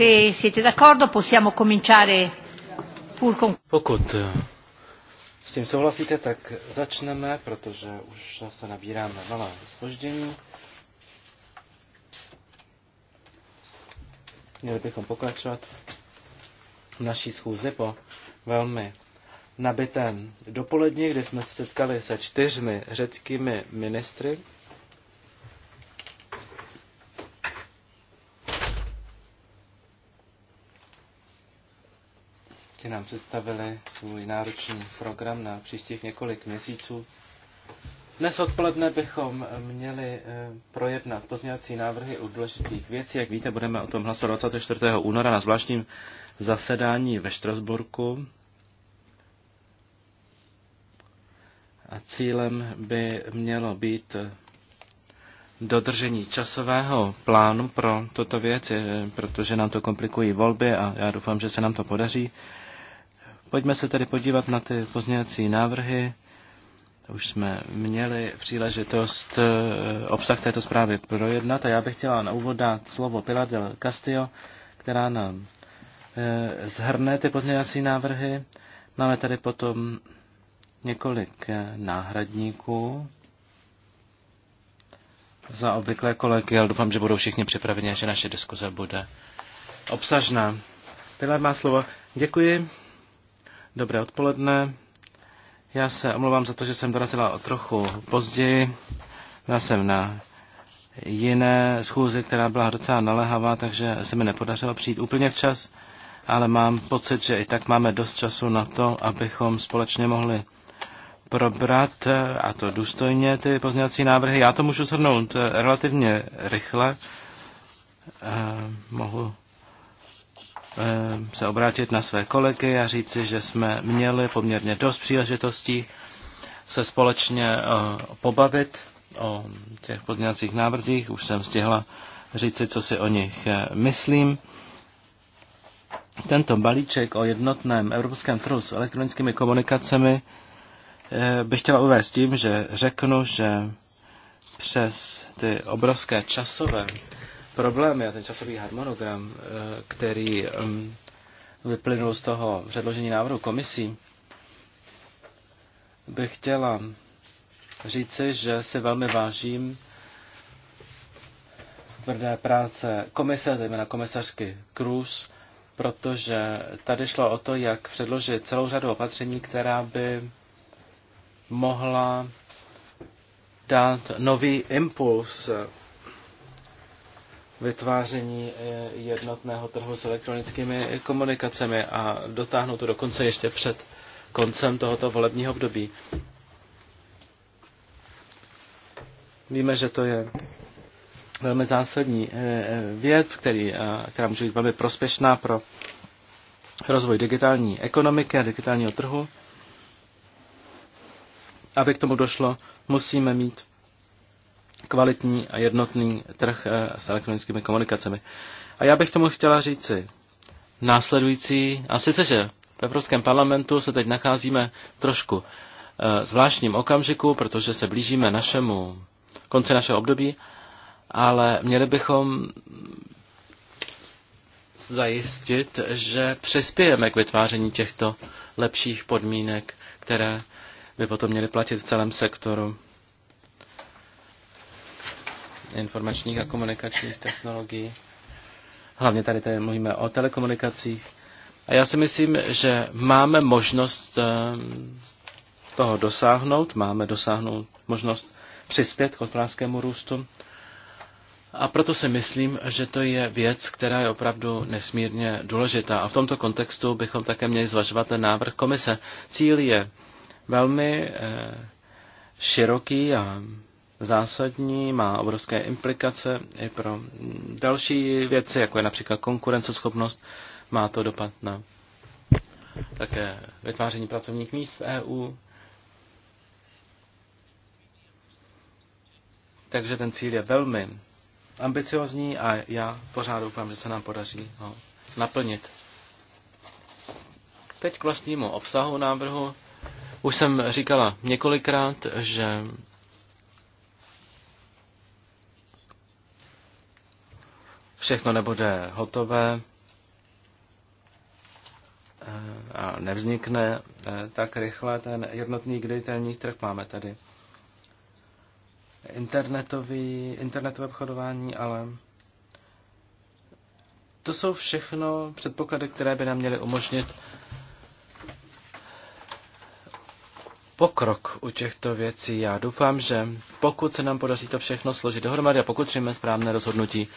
Se siete d'accordo possiamo cominciare pur con... Pokud eh, s tím souhlasíte, tak začneme, protože už se nabíráme malé zpoždění. Měli bychom pokračovat v naší schůzi po velmi nabitém dopoledni, kdy jsme se setkali se čtyřmi řeckými ministry nám představili svůj náročný program na příštích několik měsíců. Dnes odpoledne bychom měli eh, projednat pozměňovací návrhy u důležitých věcí. Jak víte, budeme o tom hlasovat 24. února na zvláštním zasedání ve Štrasburku. A cílem by mělo být eh, dodržení časového plánu pro toto věc, eh, protože nám to komplikují volby a já doufám, že se nám to podaří. Pojďme se tedy podívat na ty pozměňovací návrhy. Už jsme měli příležitost eh, obsah této zprávy projednat a já bych chtěla na úvod dát slovo Pilar del Castillo, která nám eh, zhrne ty pozměňovací návrhy. Máme tady potom několik eh, náhradníků za obvyklé kolegy, ale doufám, že budou všichni připraveni a že naše diskuze bude obsažná. Pilar má slovo. Děkuji. Dobré odpoledne. Já se omlouvám za to, že jsem dorazila o trochu později. Byla jsem na jiné schůzi, která byla docela naléhavá, takže se mi nepodařilo přijít úplně včas, ale mám pocit, že i tak máme dost času na to, abychom společně mohli probrat, a to důstojně, ty pozměňovací návrhy. Já to můžu shrnout eh, relativně rychle. Eh, mohu Eh, se obrátit na své kolegy a říci, že jsme měli poměrně dost příležitostí se společně eh, pobavit o těch pozměňovacích návrzích. Už jsem stihla říci, co si o nich eh, myslím. Tento balíček o jednotném evropském trhu s elektronickými komunikacemi bych chtěla uvést tím, že řeknu, že přes ty obrovské časové problémy a ten časový harmonogram, eh, který vyplynul z toho předložení návrhu komisí, bych chtěla říci, že si velmi vážím tvrdé práce komise, zejména komisařky Cruz, protože tady šlo o to, jak předložit celou řadu opatření, která by mohla dát nový impuls vytváření eh, jednotného trhu s elektronickými komunikacemi a dotáhnout to dokonce ještě před koncem tohoto volebního období. Víme, že to je velmi zásadní eh, eh, věc, který, která může být velmi prospěšná pro rozvoj digitální ekonomiky a digitálního trhu. Aby k tomu došlo, musíme mít kvalitní a jednotný trh eh, s elektronickými komunikacemi. A já bych tomu chtěla říci následující, a sice, že v Evropském parlamentu se teď nacházíme trošku eh, zvláštním okamžiku, protože se blížíme našemu konci našeho období, ale měli bychom zajistit, že přispějeme k vytváření těchto lepších podmínek, které by potom měly platit v celém sektoru informačních a komunikačních technologií. Hlavně tady, tady mluvíme o telekomunikacích. A já si myslím, že máme možnost eh, toho dosáhnout, máme dosáhnout možnost přispět k hospodářskému růstu. A proto si myslím, že to je věc, která je opravdu nesmírně důležitá. A v tomto kontextu bychom také měli zvažovat ten návrh komise. Cíl je velmi eh, široký a zásadní, má obrovské implikace i pro další věci, jako je například konkurenceschopnost, má to dopad na také vytváření pracovních míst v EU. Takže ten cíl je velmi ambiciozní a já pořád doufám, že se nám podaří ho naplnit. Teď k vlastnímu obsahu návrhu. Už jsem říkala několikrát, že všechno nebude hotové eh, a nevznikne eh, tak rychle ten jednotný kdejtelní trh. Máme tady internetový, internetové obchodování, ale to jsou všechno předpoklady, které by nám měly umožnit pokrok u těchto věcí. Já doufám, že pokud se nám podaří to všechno složit dohromady a pokud přijmeme správné rozhodnutí,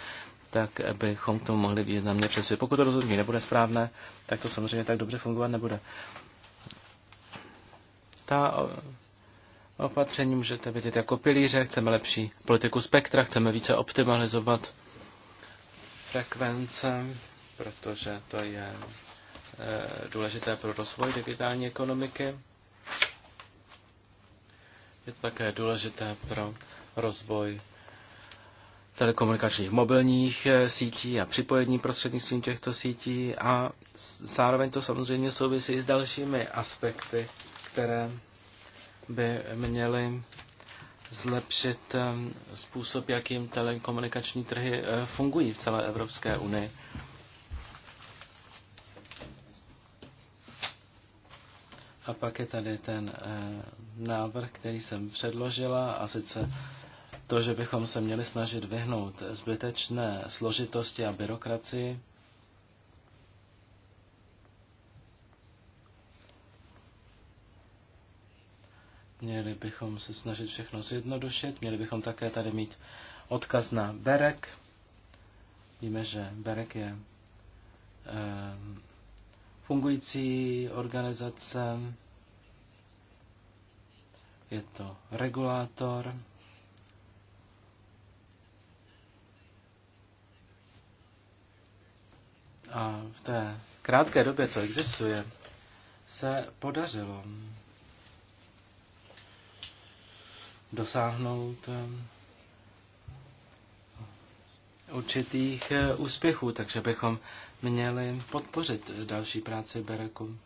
tak bychom mohli vidět mohli mě přesvědčit. Pokud to rozhodnutí nebude správné, tak to samozřejmě tak dobře fungovat nebude. Ta opatření můžete vidět jako pilíře, chceme lepší politiku spektra, chceme více optimalizovat frekvence, protože to je eh, důležité pro rozvoj digitální ekonomiky. Je to také důležité pro rozvoj telekomunikačních mobilních eh, sítí a připojení prostřednictvím těchto sítí a zároveň to samozřejmě souvisí s dalšími aspekty, které by měly zlepšit eh, způsob, jakým telekomunikační trhy eh, fungují v celé Evropské unii. A pak je tady ten návrh, který jsem předložila, a sice to, že bychom se měli snažit vyhnout zbytečné složitosti a byrokracii. Měli bychom se snažit všechno zjednodušit, měli bychom také tady mít odkaz na Berek. Víme, že Berek je eh, fungující organizace, je to regulátor, A v té krátké době, co existuje, se podařilo dosáhnout eh, určitých eh, úspěchů, takže bychom měli podpořit další práci Bereku.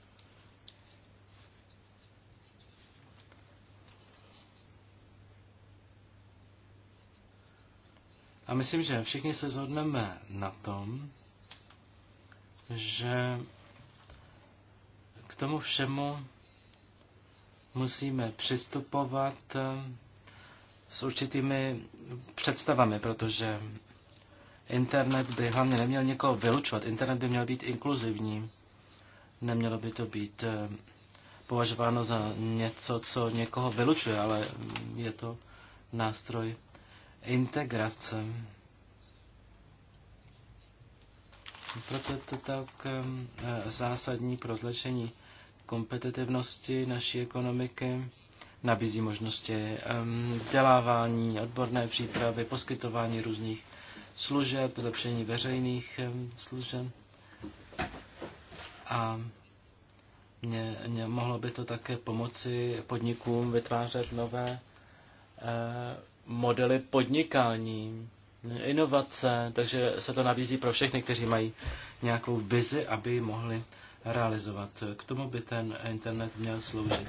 A myslím, že všichni se zhodneme na tom, že k tomu všemu musíme přistupovat eh, s určitými představami, protože internet by hlavně neměl někoho vylučovat. Internet by měl být inkluzivní. Nemělo by to být eh, považováno za něco, co někoho vylučuje, ale je to nástroj integrace. Proto je to tak eh, zásadní pro zlepšení kompetitivnosti naší ekonomiky. Nabízí možnosti vzdělávání, odborné přípravy, poskytování různých služeb, zlepšení veřejných služeb. A mě, mě mohlo by to také pomoci podnikům vytvářet nové eh, modely podnikání inovace, takže se to nabízí pro všechny, kteří mají nějakou vizi, aby ji mohli realizovat. K tomu by ten internet měl sloužit.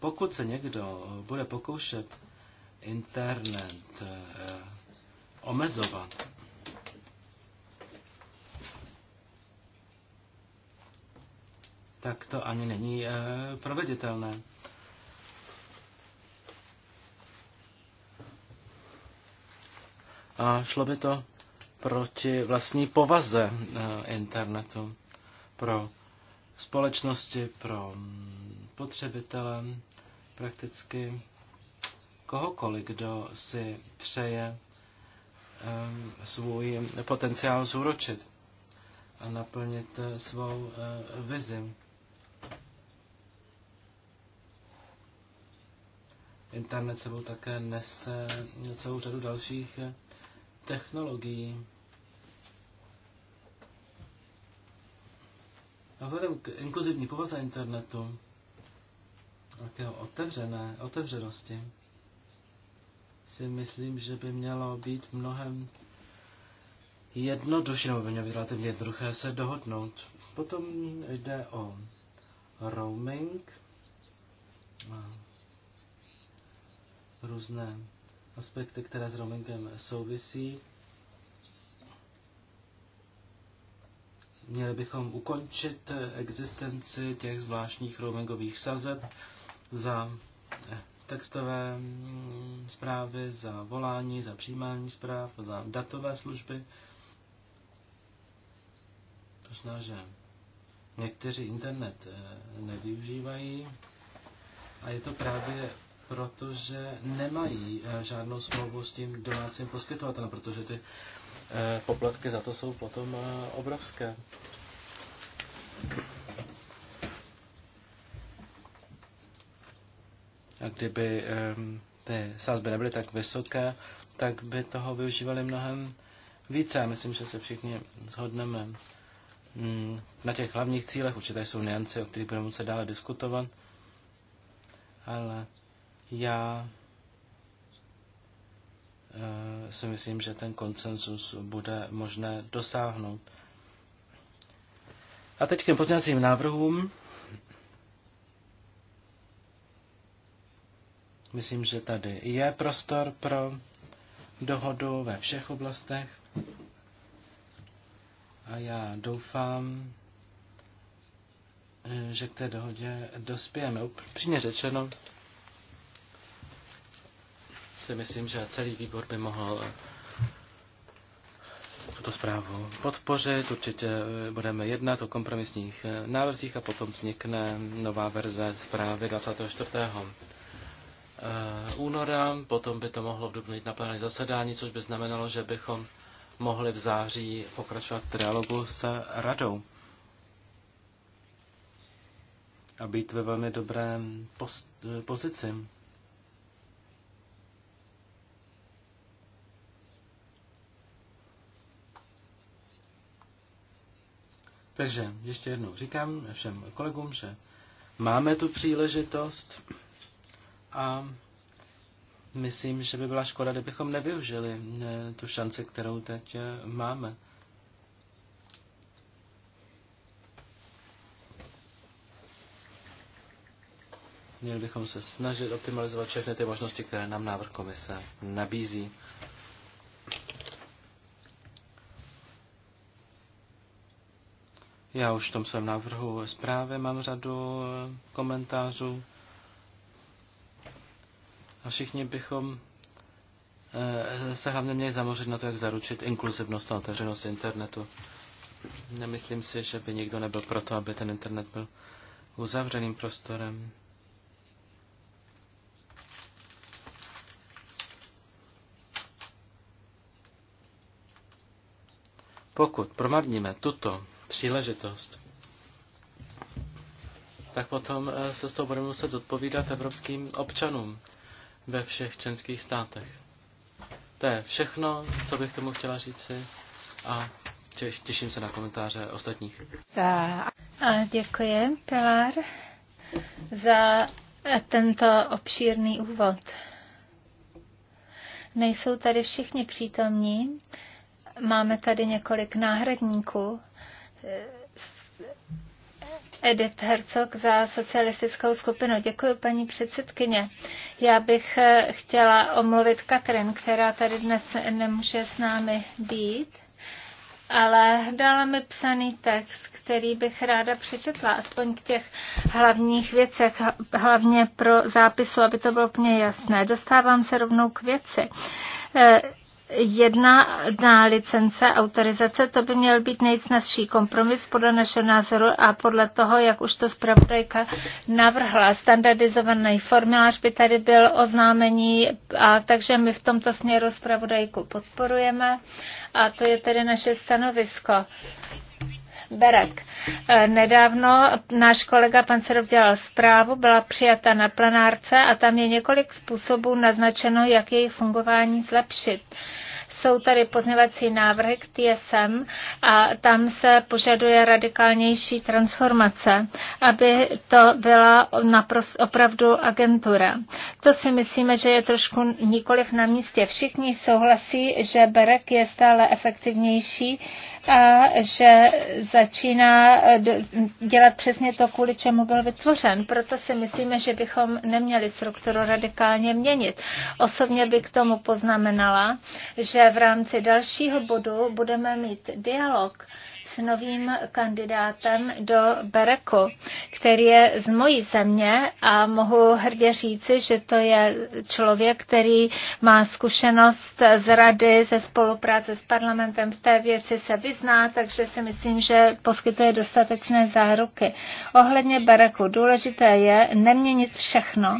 Pokud se někdo bude pokoušet internet eh, omezovat, tak to ani není eh, proveditelné. a šlo by to proti vlastní povaze eh, internetu pro společnosti, pro mm, potřebitele, prakticky kohokoliv, kdo si přeje ehm, svůj potenciál zúročit a naplnit eh, svou eh, vizi. Internet sebou také nese celou řadu dalších technologií. A vzhledem k inkluzivní povaze internetu, k jeho otevřené, otevřenosti, si myslím, že by mělo být mnohem jednodušší, nebo by mělo být relativně jednoduché se dohodnout. Potom jde o roaming, různé aspekty, které s roamingem souvisí. Měli bychom ukončit existenci těch zvláštních roamingových sazeb za eh, textové mm, zprávy, za volání, za přijímání zpráv, za datové služby. To znamená, že někteří internet eh, nevyužívají a je to právě protože nemají eh, žádnou smlouvu s tím domácím poskytovatelem, protože ty eh, poplatky za to jsou potom eh, obrovské. A kdyby ty sázby nebyly tak vysoké, tak by toho využívali mnohem více. Já myslím, že se všichni zhodneme mm, na těch hlavních cílech. Určitě jsou niance, o kterých budeme muset dále diskutovat. Ale já eh, si myslím, že ten konsenzus bude možné dosáhnout. A teď k pozměňovacím návrhům. Myslím, že tady je prostor pro dohodu ve všech oblastech. A já doufám, eh, že k té dohodě dospějeme. Upřímně řečeno, si myslím, že celý výbor by mohl eh, tuto zprávu podpořit. Určitě eh, budeme jednat o kompromisních eh, návrzích a potom vznikne nová verze zprávy 24. února. Potom by to mohlo v dubnu jít na plenární zasedání, což by znamenalo, že bychom mohli v září pokračovat v dialogu s radou a být ve velmi dobré pozici. Takže ještě jednou říkám všem kolegům, že máme tu příležitost a myslím, že by byla škoda, kdybychom nevyužili eh, tu šanci, kterou teď eh, máme. Měli bychom se snažit optimalizovat všechny ty možnosti, které nám návrh komise nabízí. Já už v tom svém návrhu zprávy mám řadu komentářů. A všichni bychom eh, se hlavně měli zamořit na to, jak zaručit inkluzivnost a otevřenost internetu. Nemyslím si, že by nikdo nebyl proto, aby ten internet byl uzavřeným prostorem. Pokud promarníme tuto příležitost, tak potom eh, se z toho budeme muset odpovídat evropským občanům ve všech členských státech. To je všechno, co bych tomu chtěla říci a těším se na komentáře ostatních. A děkuji, Pilar, za tento obšírný úvod. Nejsou tady všichni přítomní, máme tady několik náhradníků Edith Herzog za socialistickou skupinu. Děkuji, paní předsedkyně. Já bych eh, chtěla omluvit Katrin, která tady dnes nemůže s námi být, ale dala mi psaný text, který bych ráda přečetla, aspoň k těch hlavních věcech, hlavně pro zápisu, aby to bylo úplně jasné. Dostávám se rovnou k věci eh, jedna na licence, autorizace, to by měl být nejsnazší kompromis podle našeho názoru a podle toho, jak už to zpravodajka navrhla. Standardizovaný formulář by tady byl oznámení, a takže my v tomto směru zpravodajku podporujeme a to je tedy naše stanovisko. Berek. E, nedávno náš kolega Serov dělal zprávu, byla přijata na plenárce a tam je několik způsobů naznačeno, jak její fungování zlepšit jsou tady pozněvací návrhy k TSM a tam se požaduje radikálnější transformace, aby to byla naprost, opravdu agentura. To si myslíme, že je trošku nikoliv na místě. Všichni souhlasí, že BEREK je stále efektivnější, a že začíná eh, dělat přesně to, kvůli čemu byl vytvořen. Proto si myslíme, že bychom neměli strukturu radikálně měnit. Osobně bych k tomu poznamenala, že v rámci dalšího bodu budeme mít dialog s novým kandidátem do Bereku, který je z mojí země a mohu hrdě říci, že to je člověk, který má zkušenost z rady, ze spolupráce s parlamentem, v té věci se vyzná, takže si myslím, že poskytuje dostatečné záruky. Ohledně Bereku důležité je neměnit všechno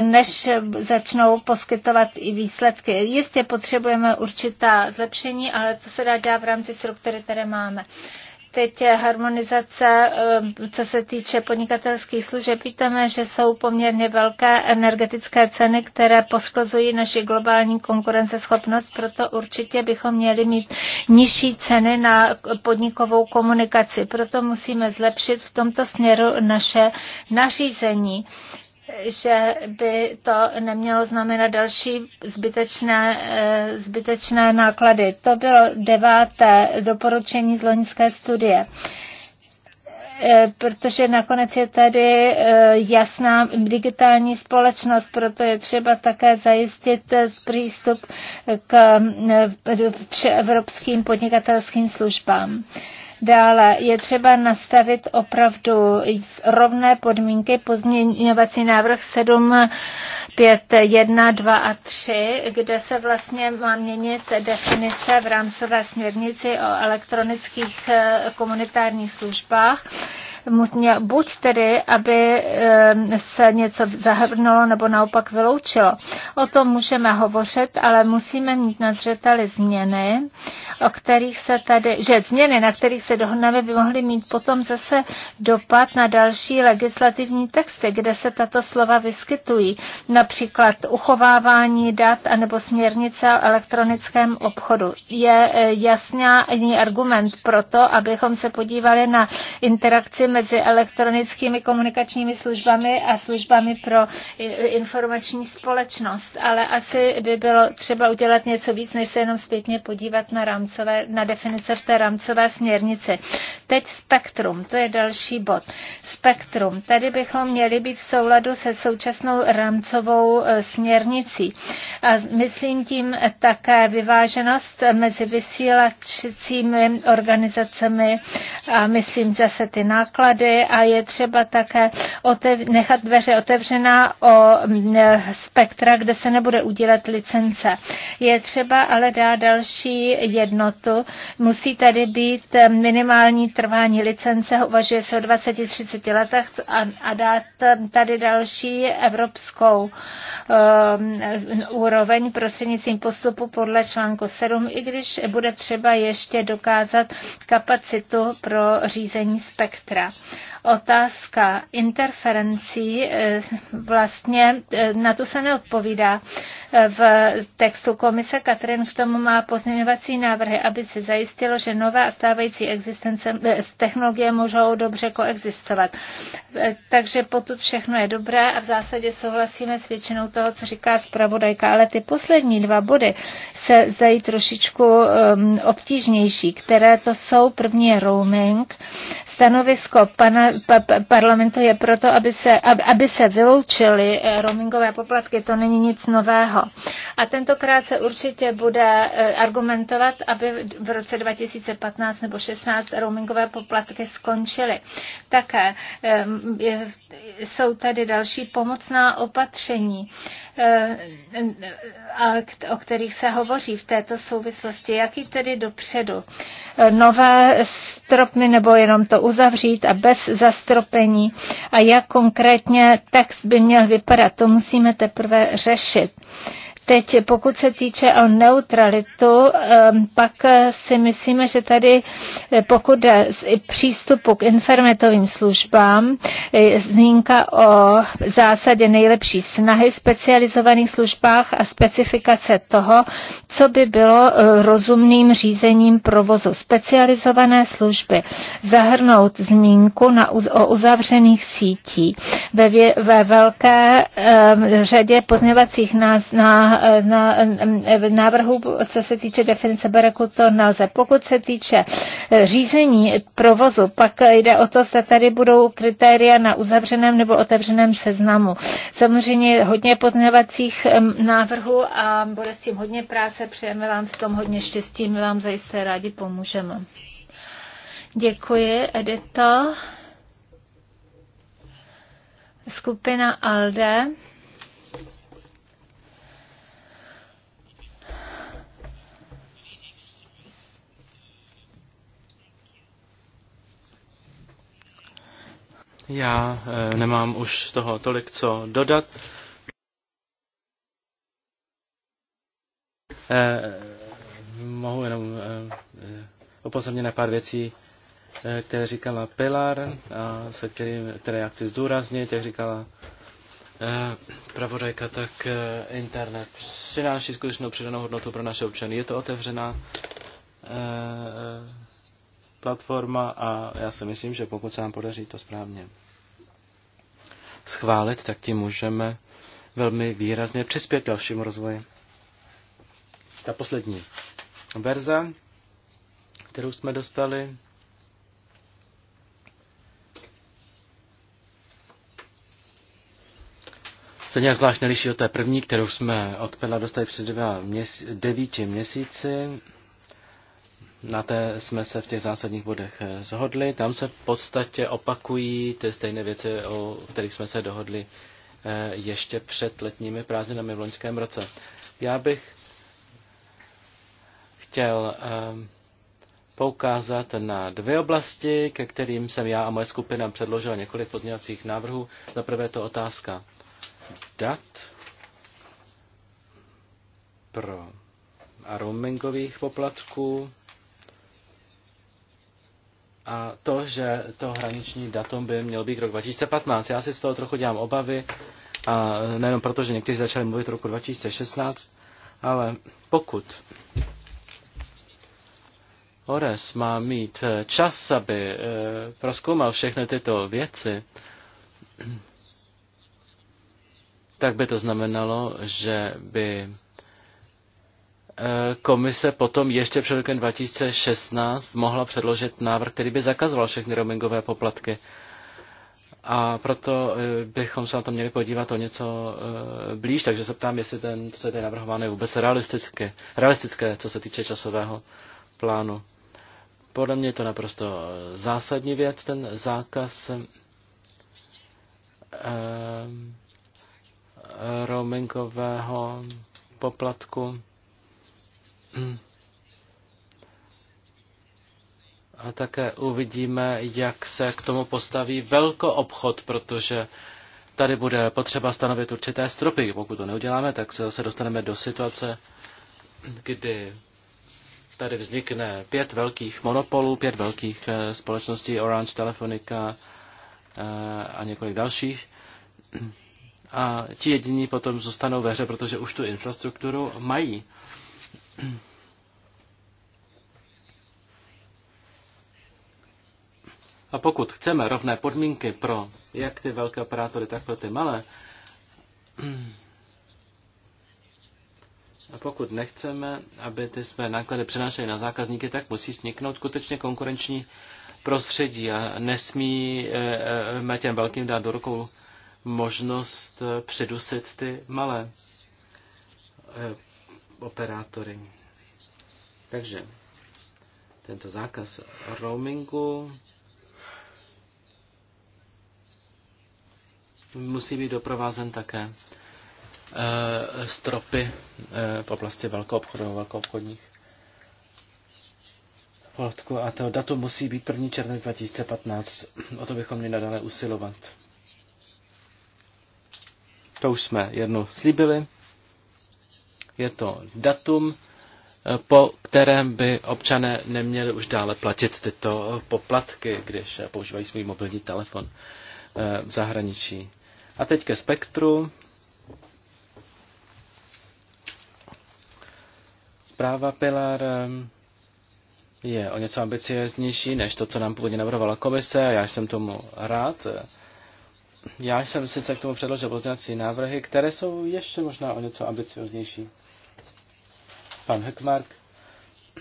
než začnou poskytovat i výsledky. Jistě potřebujeme určitá zlepšení, ale co se dá dělat v rámci struktury, které máme teď harmonizace, eh, co se týče podnikatelských služeb. Vítáme, že jsou poměrně velké energetické ceny, které poskozují naši globální konkurenceschopnost, proto určitě bychom měli mít nižší ceny na podnikovou komunikaci. Proto musíme zlepšit v tomto směru naše nařízení že by to nemělo znamenat další zbytečné, eh, zbytečné náklady. To bylo deváté doporučení z loňské studie eh, protože nakonec je tady eh, jasná digitální společnost, proto je třeba také zajistit přístup k evropským podnikatelským službám. Dále je třeba nastavit opravdu rovné podmínky pozměňovací návrh 7 5, 1, 2 a 3, kde se vlastně má měnit definice v rámcové směrnici o elektronických eh, komunitárních službách Měl buď tedy, aby eh, se něco zahrnulo nebo naopak vyloučilo. O tom můžeme hovořit, ale musíme mít na zřeteli změny, o kterých se tady, že změny, na kterých se dohodneme, by mohly mít potom zase dopad na další legislativní texty, kde se tato slova vyskytují. Například uchovávání dat anebo směrnice o elektronickém obchodu. Je eh, jasný argument pro to, abychom se podívali na interakci mezi elektronickými komunikačními službami a službami pro informační společnost, ale asi by bylo třeba udělat něco víc, než se jenom zpětně podívat na, rámcové, na definice v té rámcové směrnici. Teď spektrum, to je další bod. Spektrum, tady bychom měli být v souladu se současnou rámcovou e, směrnicí. A myslím tím také vyváženost mezi vysílačícími organizacemi a myslím zase ty náklady, náklady a je třeba také nechat dveře otevřená o spektra, kde se nebude udělat licence. Je třeba ale dát další jednotu. Musí tady být eh, minimální trvání licence, uvažuje se o 20-30 letech a, a dát eh, tady další evropskou um, úroveň prostřednictvím postupu podle článku 7, i když bude třeba ještě dokázat kapacitu pro řízení spektra otázka interferencí eh, vlastně eh, na tu se neodpovídá v textu komise. Katrin k tomu má pozměňovací návrhy, aby se zajistilo, že nové a stávající existence, eh, technologie můžou dobře koexistovat. Takže potud všechno je dobré a v zásadě souhlasíme s většinou toho, co říká zpravodajka, ale ty poslední dva body se zdají trošičku um, obtížnější, které to jsou. První je roaming, Stanovisko pana, pa, parlamentu je proto, aby se, aby se vyloučily eh, roamingové poplatky. To není nic nového. A tentokrát se určitě bude eh, argumentovat, aby v roce 2015 nebo 16 roamingové poplatky skončily. Také eh, jsou tady další pomocná opatření, eh, o kterých se hovoří v této souvislosti. Jaký tedy dopředu? Eh, nové stropy nebo jenom to uzavřít a bez zastropení? A jak konkrétně text by měl vypadat? To musíme teprve řešit. Uh, Teď pokud se týče o neutralitu, pak eh, si myslíme, že tady eh, pokud jde přístupu k internetovým službám, eh, zmínka o zásadě nejlepší snahy, specializovaných službách a specifikace toho, co by bylo rozumným řízením provozu. Specializované služby zahrnout zmínku na, o uzavřených sítí ve, ve velké řadě pozměvacích nás, nás na, eh, na, v návrhu, co se týče definice bereku, to nelze. Pokud se týče eh, řízení provozu, pak jde o to, zda tady budou kritéria na uzavřeném nebo otevřeném seznamu. Samozřejmě hodně pozměvacích návrhů a bude s tím hodně práce. Přejeme vám v tom hodně štěstí, my vám zajisté rádi pomůžeme. Děkuji, Edita. Skupina ALDE. Já eh, nemám už toho tolik co dodat. Eh, mohu jenom eh, upozornit na pár věcí, které říkala Pilar, a se kterým, které já chci zdůraznit, jak říkala pravodajka, tak internet přináší skutečnou přidanou hodnotu pro naše občany. Je to otevřená platforma a já si myslím, že pokud se nám podaří to správně schválit, tak tím můžeme velmi výrazně přispět dalším rozvoji. Ta poslední verze, kterou jsme dostali, se nějak zvlášť neliší od té první, kterou jsme od Pedla dostali před dvěma měs- devíti měsíci. Na té jsme se v těch zásadních bodech zhodli. Eh, Tam se v podstatě opakují ty stejné věci, o kterých jsme se dohodli eh, ještě před letními prázdninami v loňském roce. Já bych chtěl eh, poukázat na dvě oblasti, ke kterým jsem já a moje skupina předložila několik pozměňovacích návrhů. Za prvé to otázka dat pro roamingových poplatků a to, že to hraniční datum by mělo být rok 2015. Já si z toho trochu dělám obavy, a nejenom proto, že někteří začali mluvit roku 2016, ale pokud Ores má mít eh, čas, aby eh, proskoumal všechny tyto věci, tak by to znamenalo, že by komise potom ještě před rokem 2016 mohla předložit návrh, který by zakazoval všechny roamingové poplatky. A proto eh, bychom se na to měli podívat o něco eh, blíž, takže se ptám, jestli ten, co je tady navrhováno, je vůbec realistické, realistické, co se týče časového plánu. Podle mě je to naprosto eh, zásadní věc, ten zákaz roamingového poplatku. A také uvidíme, jak se k tomu postaví obchod, protože tady bude potřeba stanovit určité stropy. Pokud to neuděláme, tak se zase dostaneme do situace, kdy tady vznikne pět velkých monopolů, pět velkých eh, společností, Orange, Telefonica eh, a několik dalších. A ti jediní potom zůstanou ve hře, protože už tu infrastrukturu mají. A pokud chceme rovné podmínky pro jak ty velké operátory, tak pro ty malé, a pokud nechceme, aby ty své náklady přenášely na zákazníky, tak musí vzniknout skutečně konkurenční prostředí a nesmíme eh, eh, těm velkým dát do rukou možnost eh, předusit ty malé operátory. Takže tento zákaz roamingu musí být doprovázen také e, stropy e, v oblasti velkou obchodu, velkou obchodních poletku a to datum musí být 1. června 2015. O to bychom měli nadále usilovat. To už jsme jednu slíbili. Je to datum, eh, po kterém by občané neměli už dále platit tyto poplatky, když eh, používají svůj mobilní telefon eh, v zahraničí. A teď ke spektru. Zpráva Pilar je o něco ambicioznější než to, co nám původně navrhovala komise. Já jsem tomu rád. Já jsem sice k tomu předložil pozdělací návrhy, které jsou ještě možná o něco ambicioznější. Pan Heckmark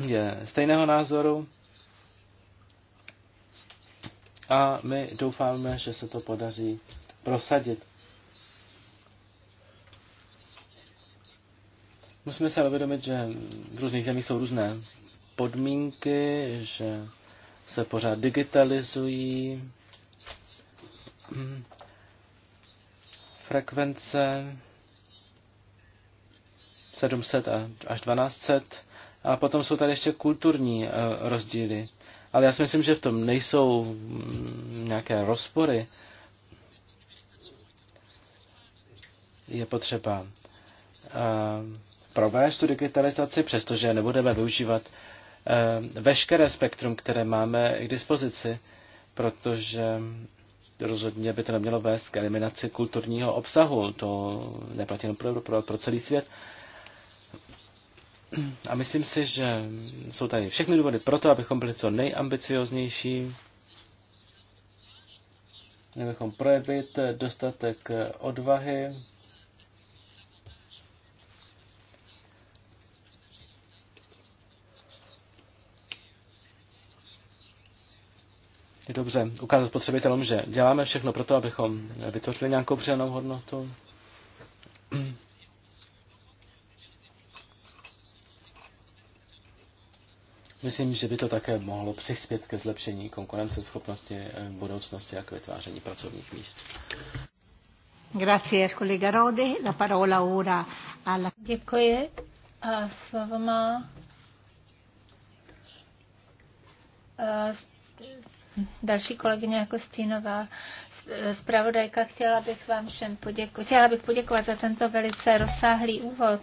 je stejného názoru a my doufáme, že se to podaří prosadit. Musíme se uvědomit, že v různých zemích jsou různé podmínky, že se pořád digitalizují frekvence 700 až 1200. A potom jsou tady ještě kulturní eh, rozdíly. Ale já si myslím, že v tom nejsou mm, nějaké rozpory. Je potřeba eh, provést tu digitalizaci, přestože nebudeme využívat eh, veškeré spektrum, které máme k dispozici, protože rozhodně by to nemělo vést k eliminaci kulturního obsahu. To neplatí pro, pro, pro celý svět. A myslím si, že jsou tady všechny důvody pro to, abychom byli co nejambicioznější, abychom projevit dostatek odvahy, je dobře ukázat spotřebitelům, že děláme všechno pro to, abychom vytvořili nějakou přidanou hodnotu. Myslím, že by to také mohlo přispět ke zlepšení konkurenceschopnosti v eh, budoucnosti a k vytváření pracovních míst. Grazie, kolega Rode. La parola ora alla... Děkuji. A slovo má eh, další kolegyně jako Stínová zpravodajka. Chtěla bych vám všem poděkovat. Chtěla bych poděkovat za tento velice rozsáhlý úvod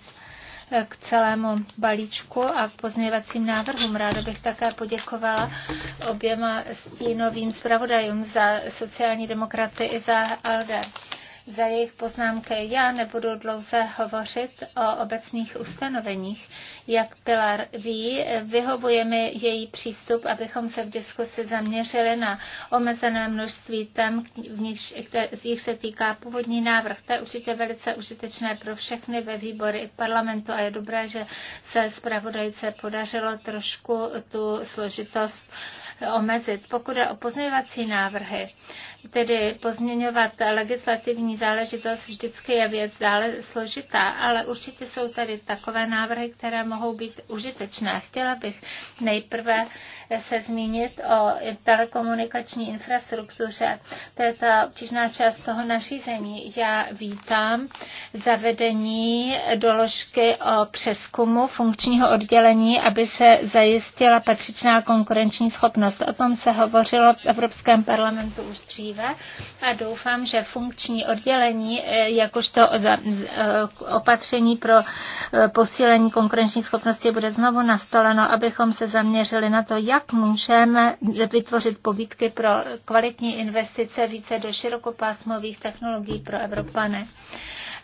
k celému balíčku a k pozměňovacím návrhům. Ráda bych také poděkovala oběma stínovým zpravodajům za sociální demokraty i za ALDE za jejich poznámky. Já nebudu dlouze hovořit o obecných ustanoveních. Jak Pilar ví, vyhovuje mi její přístup, abychom se v diskusi zaměřili na omezené množství tam, v nichž, z nich se týká původní návrh. To je určitě velice užitečné pro všechny ve výbory i parlamentu a je dobré, že se zpravodajce podařilo trošku tu složitost omezit. Pokud je o pozměňovací návrhy, Tedy pozměňovat legislativní záležitost vždycky je věc dále složitá, ale určitě jsou tady takové návrhy, které mohou být užitečné. Chtěla bych nejprve se zmínit o telekomunikační infrastruktuře. To je ta obtížná část toho nařízení. Já vítám zavedení doložky o přeskumu funkčního oddělení, aby se zajistila patřičná konkurenční schopnost. O tom se hovořilo v Evropském parlamentu už dříve dříve a doufám, že funkční oddělení, eh, jakožto eh, opatření pro eh, posílení konkurenční schopnosti bude znovu nastoleno, abychom se zaměřili na to, jak můžeme vytvořit pobídky pro kvalitní investice více do širokopásmových technologií pro Evropany.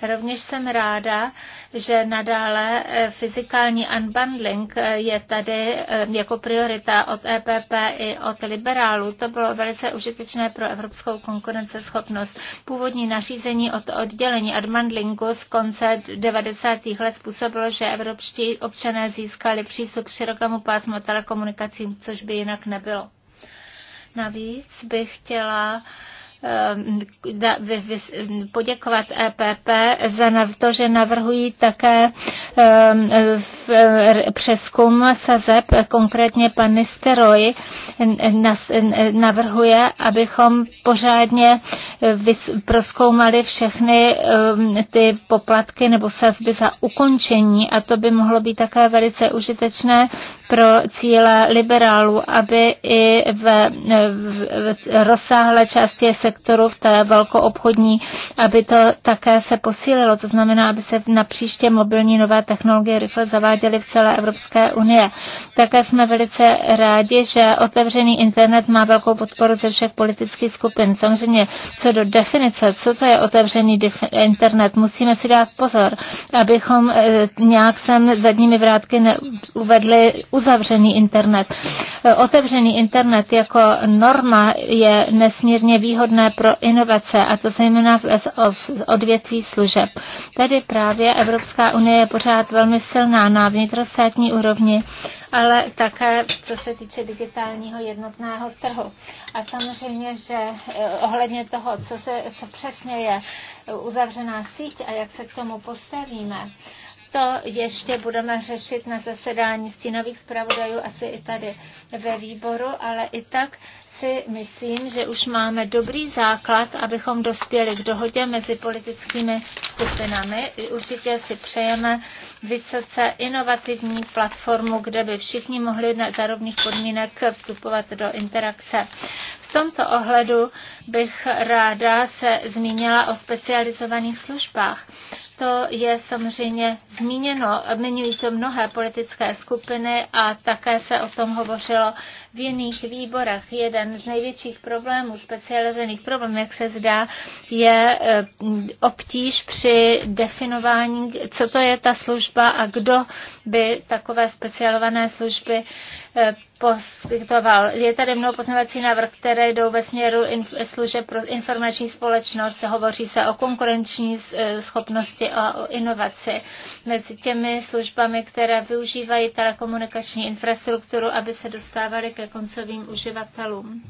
Rovněž jsem ráda, že nadále eh, fyzikální unbundling eh, je tady eh, jako priorita od EPP i od liberálů. To bylo velice užitečné pro evropskou konkurenceschopnost. Původní nařízení od oddělení unbundlingu z konce 90. let způsobilo, že evropští občané získali přístup k širokému pásmu telekomunikacím, což by jinak nebylo. Navíc bych chtěla Eh, poděkovat EPP za to, že navrhují také eh, eh, přeskum sazeb, konkrétně pan Nisteroj navrhuje, abychom pořádně proskoumali všechny ty poplatky nebo sazby za ukončení a to by mohlo být také velice užitečné pro cíle liberálů, aby i v, v, v rozsáhlé části se sektoru, v té velkoobchodní, aby to také se posílilo. To znamená, aby se na příště mobilní nové technologie rychle zaváděly v celé Evropské unie. Také jsme velice rádi, že otevřený internet má velkou podporu ze všech politických skupin. Samozřejmě, co do definice, co to je otevřený internet, musíme si dát pozor, abychom eh, nějak sem zadními vrátky neuvedli uzavřený internet. Eh, otevřený internet jako norma je nesmírně výhodné nutné pro inovace, a to zejména v odvětví služeb. Tady právě Evropská unie je pořád velmi silná na vnitrostátní úrovni, ale také co se týče digitálního jednotného trhu. A samozřejmě, že eh, ohledně toho, co, se, co přesně je eh, uzavřená síť a jak se k tomu postavíme, to ještě budeme řešit na zasedání stínových zpravodajů, asi i tady ve výboru, ale i tak si myslím, že už máme dobrý základ, abychom dospěli k dohodě mezi politickými skupinami. Určitě si přejeme vysoce inovativní platformu, kde by všichni mohli na rovných podmínek vstupovat do interakce tomto ohledu bych ráda se zmínila o specializovaných službách. To je samozřejmě zmíněno, zmiňují to mnohé politické skupiny a také se o tom hovořilo v jiných výborech. Jeden z největších problémů, specializovaných problémů, jak se zdá, je eh, obtíž při definování, co to je ta služba a kdo by takové specializované služby poskytoval. Je tady mnoho poznávací návrh, které jdou ve směru služeb pro informační společnost. Hovoří se o konkurenční schopnosti a o inovaci mezi těmi službami, které využívají telekomunikační infrastrukturu, aby se dostávaly ke koncovým uživatelům.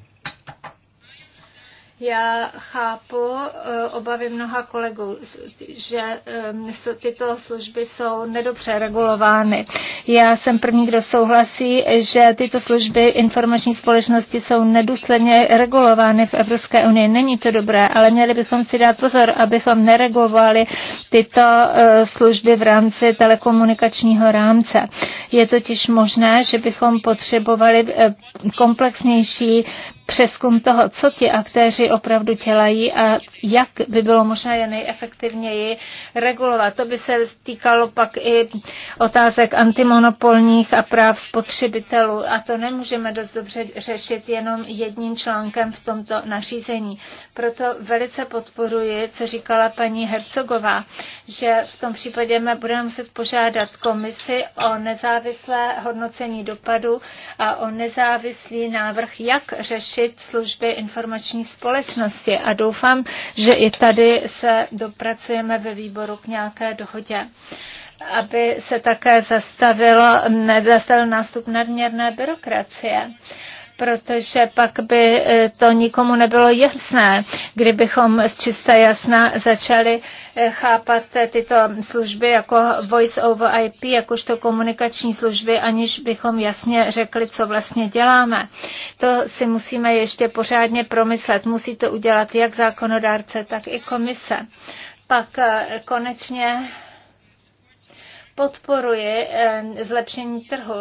Já chápu eh, obavy mnoha kolegů, že eh, tyto služby jsou nedobře regulovány. Já jsem první, kdo souhlasí, že tyto služby informační společnosti jsou nedůsledně regulovány v Evropské unii. Není to dobré, ale měli bychom si dát pozor, abychom neregulovali tyto eh, služby v rámci telekomunikačního rámce. Je totiž možné, že bychom potřebovali komplexnější přeskum toho, co ti aktéři opravdu dělají a jak by bylo možná je nejefektivněji regulovat. To by se týkalo pak i otázek antimonopolních a práv spotřebitelů a to nemůžeme dost dobře řešit jenom jedním článkem v tomto nařízení. Proto velice podporuji, co říkala paní Hercogová, že v tom případě my budeme muset požádat komisi o nezávislé hodnocení dopadu a o nezávislý návrh, jak řešit zlepšit služby informační společnosti a doufám, že i tady se dopracujeme ve výboru k nějaké dohodě aby se také zastavilo, zastavil nástup nadměrné byrokracie protože pak by eh, to nikomu nebylo jasné, kdybychom z čista jasna začali eh, chápat eh, tyto služby jako voice over IP, jakožto komunikační služby, aniž bychom jasně řekli, co vlastně děláme. To si musíme ještě pořádně promyslet. Musí to udělat jak zákonodárce, tak i komise. Pak konečně podporuji zlepšení trhu,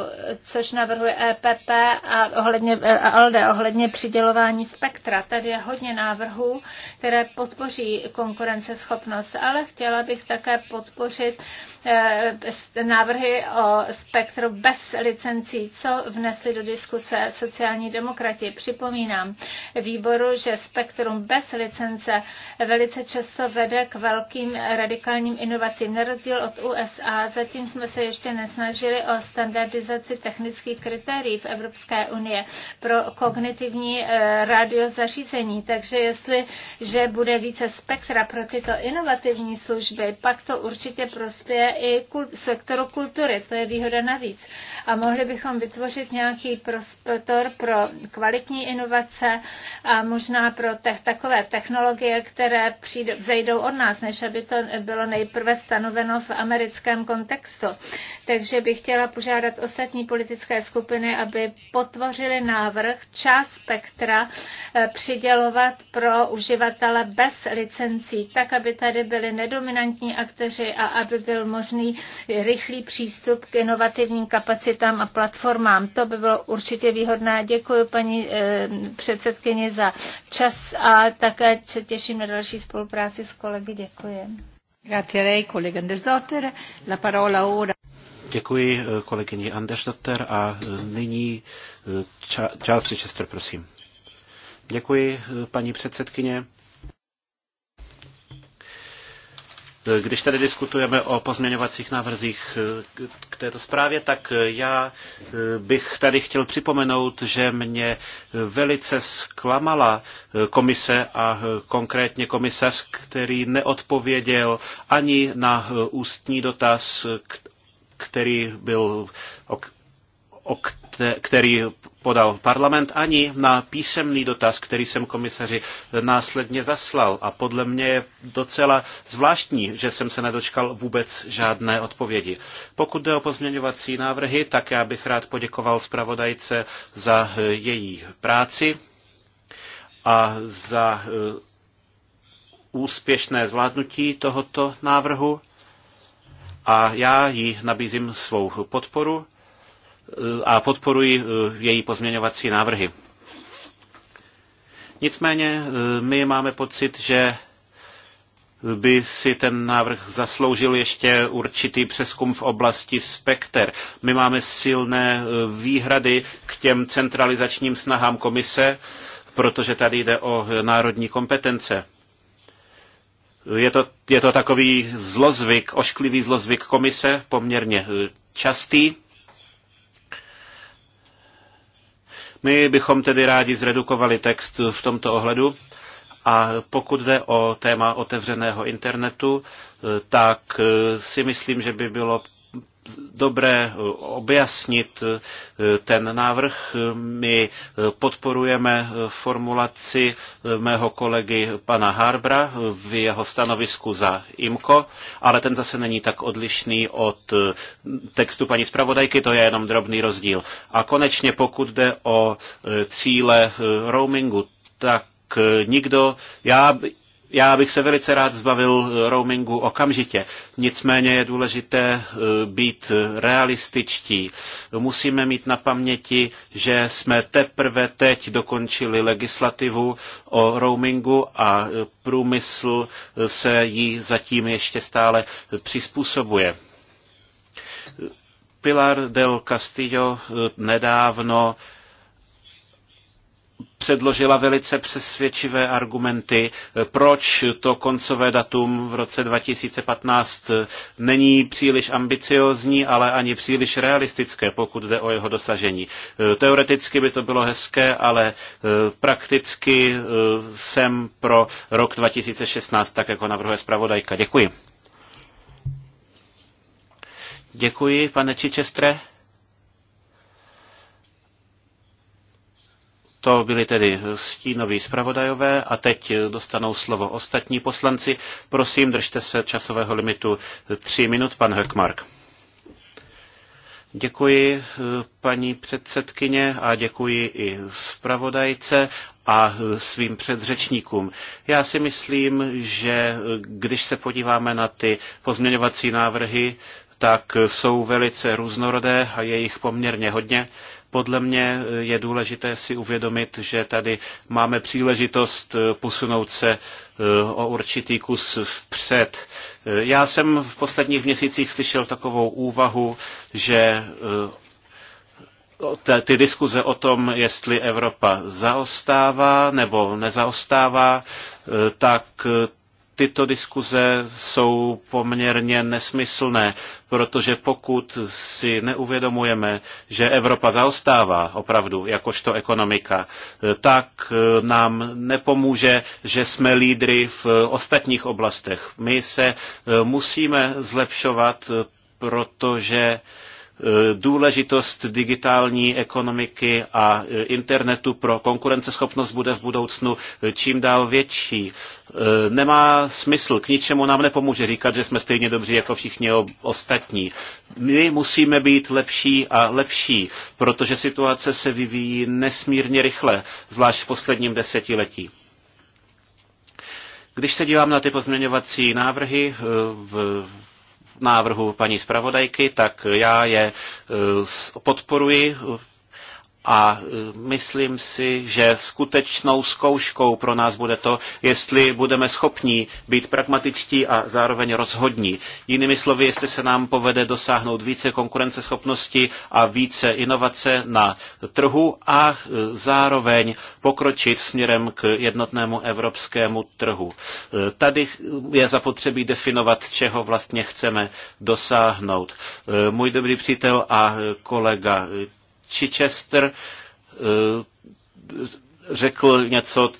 což navrhuje EPP a, ohledně, e, ALDE ohledně přidělování spektra. Tady je hodně návrhů, které podpoří konkurenceschopnost, ale chtěla bych také podpořit Eh, návrhy o spektru bez licencí, co vnesli do diskuse sociální demokrati. Připomínám výboru, že spektrum bez licence velice často vede k velkým radikálním inovacím. Na rozdíl od USA zatím jsme se ještě nesnažili o standardizaci technických kritérií v Evropské unie pro kognitivní eh, radiozařízení. Takže jestli, že bude více spektra pro tyto inovativní služby, pak to určitě prospěje i sektoru kultury. To je výhoda navíc. A mohli bychom vytvořit nějaký prostor pro kvalitní inovace a možná pro te- takové technologie, které přijde, vzejdou od nás, než aby to bylo nejprve stanoveno v americkém kontextu. Takže bych chtěla požádat ostatní politické skupiny, aby potvořili návrh část spektra eh, přidělovat pro uživatele bez licencí, tak, aby tady byly nedominantní akteři a aby byl možný možný rychlý přístup k inovativním kapacitám a platformám. To by bylo určitě výhodné. Děkuji paní eh, předsedkyni za čas a také se těším na další spolupráci s kolegy. Děkuji. Děkuji eh, kolegyni Andersdotter a eh, nyní Charles Richester, prosím. Děkuji, paní předsedkyně. Když tady diskutujeme o pozměňovacích návrzích eh, k této zprávě, tak eh, já eh, bych tady chtěl připomenout, že mě velice zklamala komise a konkrétně komisař, který neodpověděl ani na ústní dotaz, který byl o který podal parlament, ani na písemný dotaz, který jsem komisaři následně zaslal. A podle mě je docela zvláštní, že jsem se nedočkal vůbec žádné odpovědi. Pokud jde o pozměňovací návrhy, tak já bych rád poděkoval zpravodajce za její práci a za eh, úspěšné zvládnutí tohoto návrhu a já jí nabízím svou podporu Eh, a podporuji eh, její pozměňovací návrhy. Nicméně eh, my máme pocit, že by si ten návrh zasloužil ještě určitý přeskum v oblasti spekter. My máme silné výhrady k těm centralizačním snahám komise, protože tady jde o národní kompetence. Je to, je to takový zlozvyk, ošklivý zlozvyk komise, poměrně častý. My bychom tedy rádi zredukovali text v tomto ohledu. A pokud jde o téma otevřeného internetu, tak si myslím, že by bylo dobré eh, objasnit eh, ten návrh. My eh, podporujeme formulaci mého kolegy pana Harbra v jeho stanovisku za IMKO, ale ten zase není tak odlišný od textu paní zpravodajky, to je jenom drobný rozdíl. A konečně pokud jde o cíle roamingu, tak nikdo, já já bych se velice rád zbavil eh, roamingu okamžitě. Nicméně je důležité eh, být realističtí. Musíme mít na paměti, že jsme teprve teď dokončili legislativu o roamingu a eh, průmysl se jí zatím ještě stále přizpůsobuje. Pilar del Castillo nedávno předložila velice přesvědčivé argumenty, eh, proč to koncové datum v roce 2015 eh, není příliš ambiciozní, ale ani příliš realistické, pokud jde o jeho dosažení. Eh, teoreticky by to bylo hezké, ale prakticky jsem pro rok 2016, tak jako navrhuje zpravodajka. Děkuji. Děkuji, pane Čičestre. To byli tedy stínoví zpravodajové a teď dostanou slovo ostatní poslanci. Prosím, držte se časového limitu tři minut, pan Hökmark. Děkuji paní předsedkyně a děkuji i zpravodajce a svým předřečníkům. Já si myslím, že když se podíváme na ty pozměňovací návrhy, tak jsou velice různorodé a je jich poměrně hodně podle mě eh, je důležité si uvědomit, že tady máme příležitost eh, posunout se eh, o určitý kus vpřed. Já jsem v posledních měsících slyšel takovou úvahu, že ty diskuze o tom, jestli Evropa zaostává nebo nezaostává, tak tyto diskuze jsou poměrně nesmyslné, protože pokud si neuvědomujeme, že Evropa zaostává opravdu jakožto ekonomika, tak eh, nám nepomůže, že jsme lídry v eh, ostatních oblastech. My se eh, musíme zlepšovat, protože Eh, důležitost digitální ekonomiky a eh, internetu pro konkurenceschopnost bude v budoucnu eh, čím dál větší. Nemá smysl, k ničemu nám nepomůže říkat, že jsme stejně dobří jako všichni ostatní. My musíme být lepší a lepší, protože situace se vyvíjí nesmírně rychle, zvlášť v posledním desetiletí. Když se dívám na ty pozměňovací návrhy v návrhu paní zpravodajky, tak já je eh, podporuji a e, myslím si, že skutečnou zkouškou pro nás bude to, jestli budeme schopni být pragmatičtí a zároveň rozhodní. Jinými slovy, jestli se nám povede dosáhnout více konkurenceschopnosti a více inovace na trhu a e, zároveň pokročit směrem k jednotnému evropskému trhu. E, tady je zapotřebí definovat, čeho vlastně chceme dosáhnout. Můj dobrý přítel a kolega Chichester eh, řekl něco,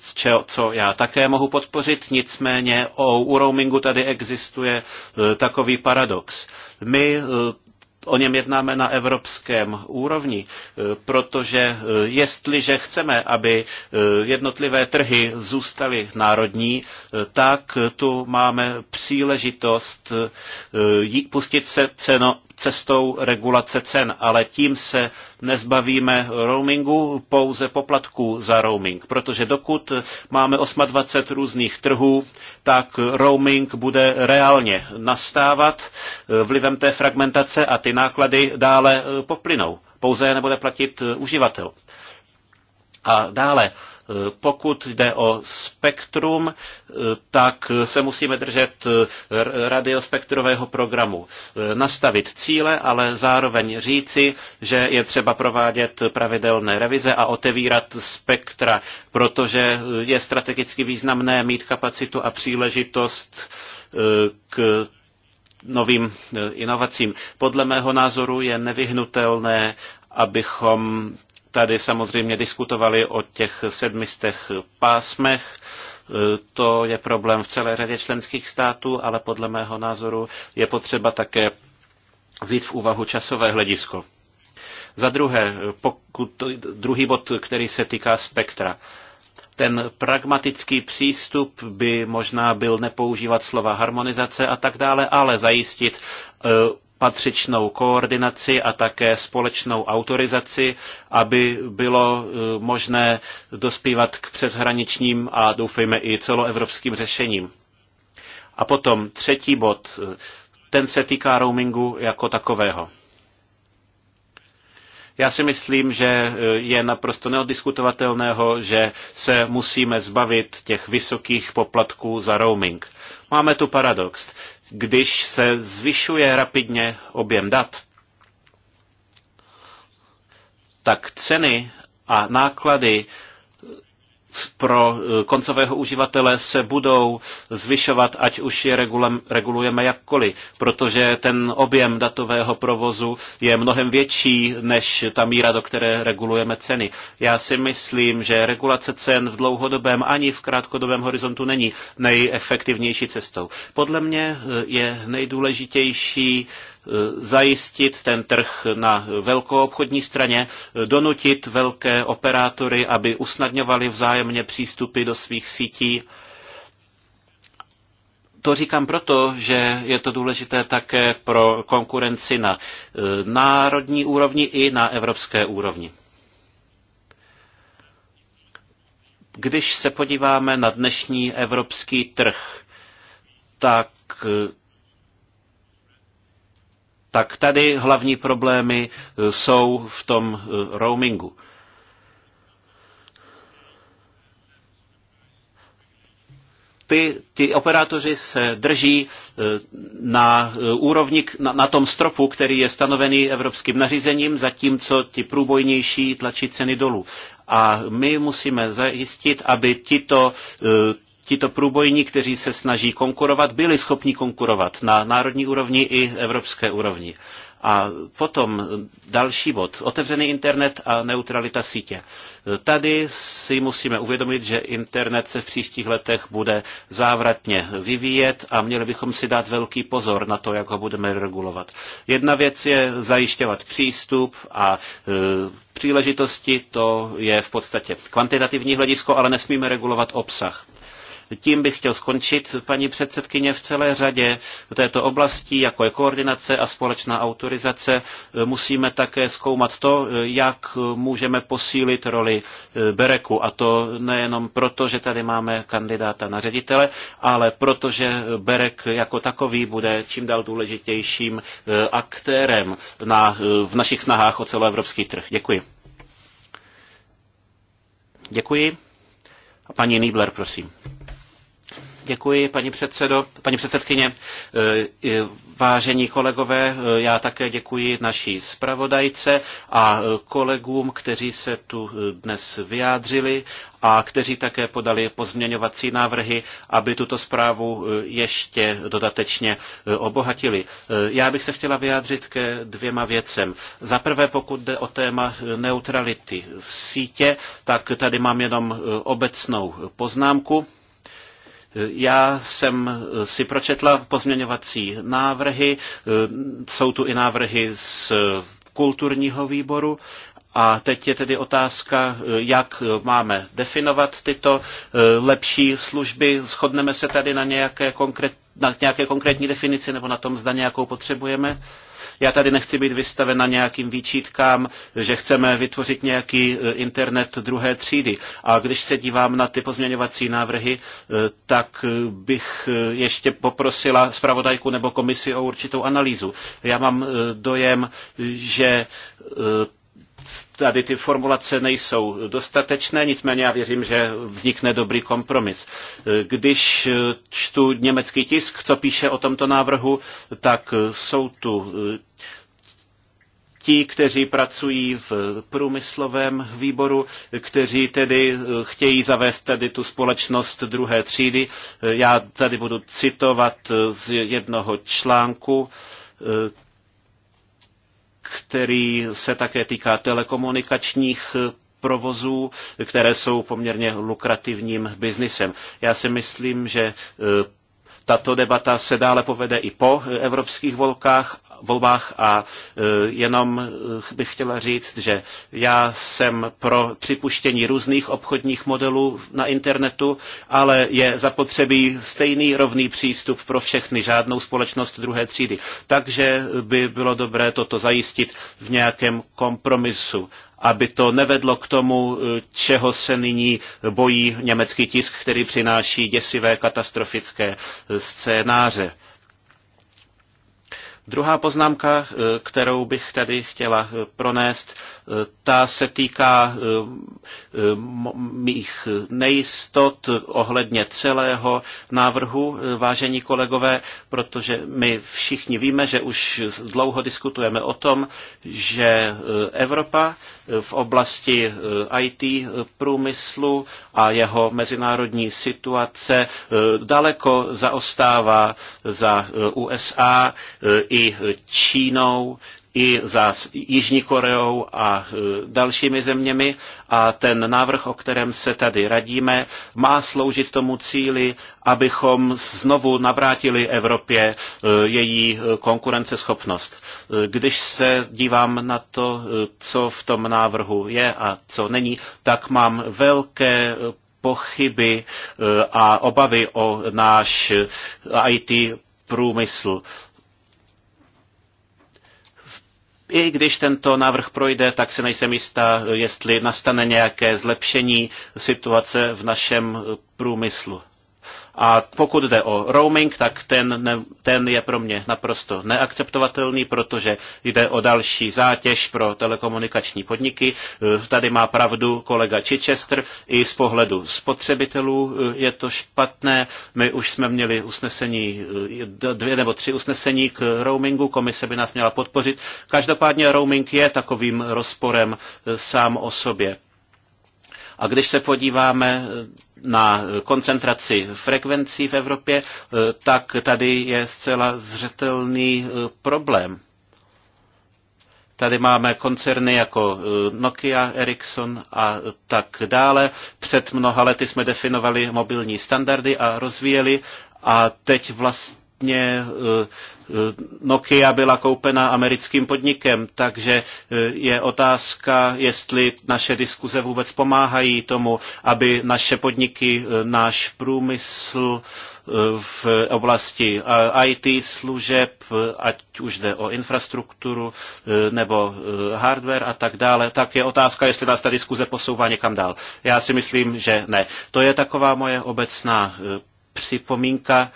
co já také mohu podpořit, nicméně o, u roamingu tady existuje eh, takový paradox. My eh, o něm jednáme na evropském úrovni, protože jestliže chceme, aby jednotlivé trhy zůstaly národní, tak tu máme příležitost pustit se ceno, cestou regulace cen, ale tím se nezbavíme roamingu, pouze poplatků za roaming, protože dokud máme 28 různých trhů, tak roaming bude reálně nastávat eh, vlivem té fragmentace a ty náklady dále eh, poplynou. Pouze je nebude platit eh, uživatel. A dále, pokud jde o spektrum, tak se musíme držet radiospektrového programu. Nastavit cíle, ale zároveň říci, že je třeba provádět pravidelné revize a otevírat spektra, protože je strategicky významné mít kapacitu a příležitost eh, k novým eh, inovacím. Podle mého názoru je nevyhnutelné, abychom tady samozřejmě diskutovali o těch sedmistech pásmech. To je problém v celé řadě členských států, ale podle mého názoru je potřeba také vzít v úvahu časové hledisko. Za druhé, pokud, druhý bod, který se týká spektra. Ten pragmatický přístup by možná byl nepoužívat slova harmonizace a tak dále, ale zajistit eh, patřičnou koordinaci a také společnou autorizaci, aby bylo e, možné dospívat k přeshraničním a doufejme i celoevropským řešením. A potom třetí bod, e, ten se týká roamingu jako takového. Já si myslím, že eh, je naprosto neodiskutovatelného, že se musíme zbavit těch vysokých poplatků za roaming. Máme tu paradox. Když se zvyšuje rapidně objem dat, tak ceny a náklady pro eh, koncového uživatele se budou zvyšovat, ať už je regulujeme jakkoliv, protože ten objem datového provozu je mnohem větší než ta míra, do které regulujeme ceny. Já si myslím, že regulace cen v dlouhodobém ani v krátkodobém horizontu není nejefektivnější cestou. Podle mě eh, je nejdůležitější Eh, zajistit ten trh na velkou obchodní straně, eh, donutit velké operátory, aby usnadňovali vzájemně přístupy do svých sítí. To říkám proto, že je to důležité také pro konkurenci na eh, národní úrovni i na evropské úrovni. Když se podíváme na dnešní evropský trh, tak tak tady hlavní problémy eh, jsou v tom eh, roamingu. ty, ty operátoři se drží eh, na úrovni, na, na tom stropu, který je stanovený evropským nařízením, zatímco ti průbojnější tlačí ceny dolů. A my musíme zajistit, aby tito tito průbojní, kteří se snaží konkurovat, byli schopni konkurovat na národní úrovni i evropské úrovni. A potom další bod, otevřený internet a neutralita sítě. Tady si musíme uvědomit, že internet se v příštích letech bude závratně vyvíjet a měli bychom si dát velký pozor na to, jak ho budeme regulovat. Jedna věc je zajišťovat přístup a e, příležitosti, to je v podstatě kvantitativní hledisko, ale nesmíme regulovat obsah. Tím bych chtěl skončit, paní předsedkyně, v celé řadě této oblasti, jako je koordinace a společná autorizace. Musíme také zkoumat to, jak můžeme posílit roli eh, Bereku. A to nejenom proto, že tady máme kandidáta na ředitele, ale protože Berek jako takový bude čím dál důležitějším eh, aktérem na, eh, v našich snahách o celoevropský trh. Děkuji. Děkuji. A paní Niebler, prosím. Děkuji, paní, předsedo, paní předsedkyně. E, e, vážení kolegové, e, já také děkuji naší zpravodajce a kolegům, kteří se tu dnes vyjádřili a kteří také podali pozměňovací návrhy, aby tuto zprávu ještě dodatečně obohatili. Já bych se chtěla vyjádřit ke dvěma věcem. Za prvé, pokud jde o téma neutrality sítě, tak tady mám jenom obecnou poznámku. Já jsem eh, si pročetla pozměňovací návrhy, eh, jsou tu i návrhy z kulturního výboru a teď je tedy otázka, eh, jak máme definovat tyto lepší služby. Shodneme se tady na nějaké, konkrét, na nějaké konkrétní definici nebo na tom, zda nějakou potřebujeme? Já tady nechci být vystaven na nějakým výčítkám, že chceme vytvořit nějaký e, internet druhé třídy. A když se dívám na ty pozměňovací návrhy, e, tak e, bych ještě poprosila zpravodajku nebo komisi o určitou analýzu. Já mám dojem, že tady ty formulace nejsou dostatečné, nicméně já věřím, že vznikne dobrý kompromis. Když čtu německý tisk, co píše o tomto návrhu, tak jsou tu ti, kteří pracují v průmyslovém výboru, kteří tedy chtějí zavést tady tu společnost druhé třídy. Já tady budu citovat z jednoho článku, který se také týká telekomunikačních eh, provozů, které jsou poměrně lukrativním biznisem. Já si myslím, že eh, tato debata se dále povede i po eh, evropských volkách volbách a e, jenom e, bych chtěla říct, že já jsem pro připuštění různých obchodních modelů na internetu, ale je zapotřebí stejný rovný přístup pro všechny, žádnou společnost druhé třídy. Takže by bylo dobré toto zajistit v nějakém kompromisu aby to nevedlo k tomu, e, čeho se nyní bojí německý tisk, který přináší děsivé katastrofické scénáře Druhá poznámka, eh, kterou bych tady chtěla eh, pronést, eh, ta se týká mých nejistot ohledně celého návrhu, vážení kolegové, protože my všichni víme, že už dlouho diskutujeme o tom, že Evropa v oblasti IT průmyslu a jeho mezinárodní situace daleko zaostává za USA i Čínou, i za Jižní Koreou a e, dalšími zeměmi. A ten návrh, o kterém se tady radíme, má sloužit tomu cíli, abychom znovu navrátili Evropě e, její e, konkurenceschopnost. Když se dívám na to, co v tom návrhu je a co není, tak mám velké pochyby a obavy o náš IT průmysl i když tento návrh projde, tak si nejsem jistá, jestli nastane nějaké zlepšení situace v našem průmyslu. A pokud jde o roaming, tak ten, ne, ten je pro mě naprosto neakceptovatelný, protože jde o další zátěž pro telekomunikační podniky. Eh, tady má pravdu kolega Chichester. I z pohledu spotřebitelů eh, je to špatné. My už jsme měli usnesení, eh, dvě nebo tři usnesení k roamingu. Komise by nás měla podpořit. Každopádně roaming je takovým rozporem sám o sobě. A když se podíváme eh, na koncentraci frekvencí v Evropě, eh, tak tady je zcela zřetelný eh, problém. Tady máme koncerny jako Nokia, Ericsson a tak dále. Před mnoha lety jsme definovali mobilní standardy a rozvíjeli a teď vlastně vlastně Nokia byla koupena americkým podnikem, takže eh, je otázka, jestli naše diskuze vůbec pomáhají tomu, aby naše podniky, náš průmysl v oblasti IT služeb, ať už jde o infrastrukturu nebo hardware a tak dále, tak je otázka, jestli nás ta diskuze posouvá někam dál. Já si myslím, že ne. To je taková moje obecná připomínka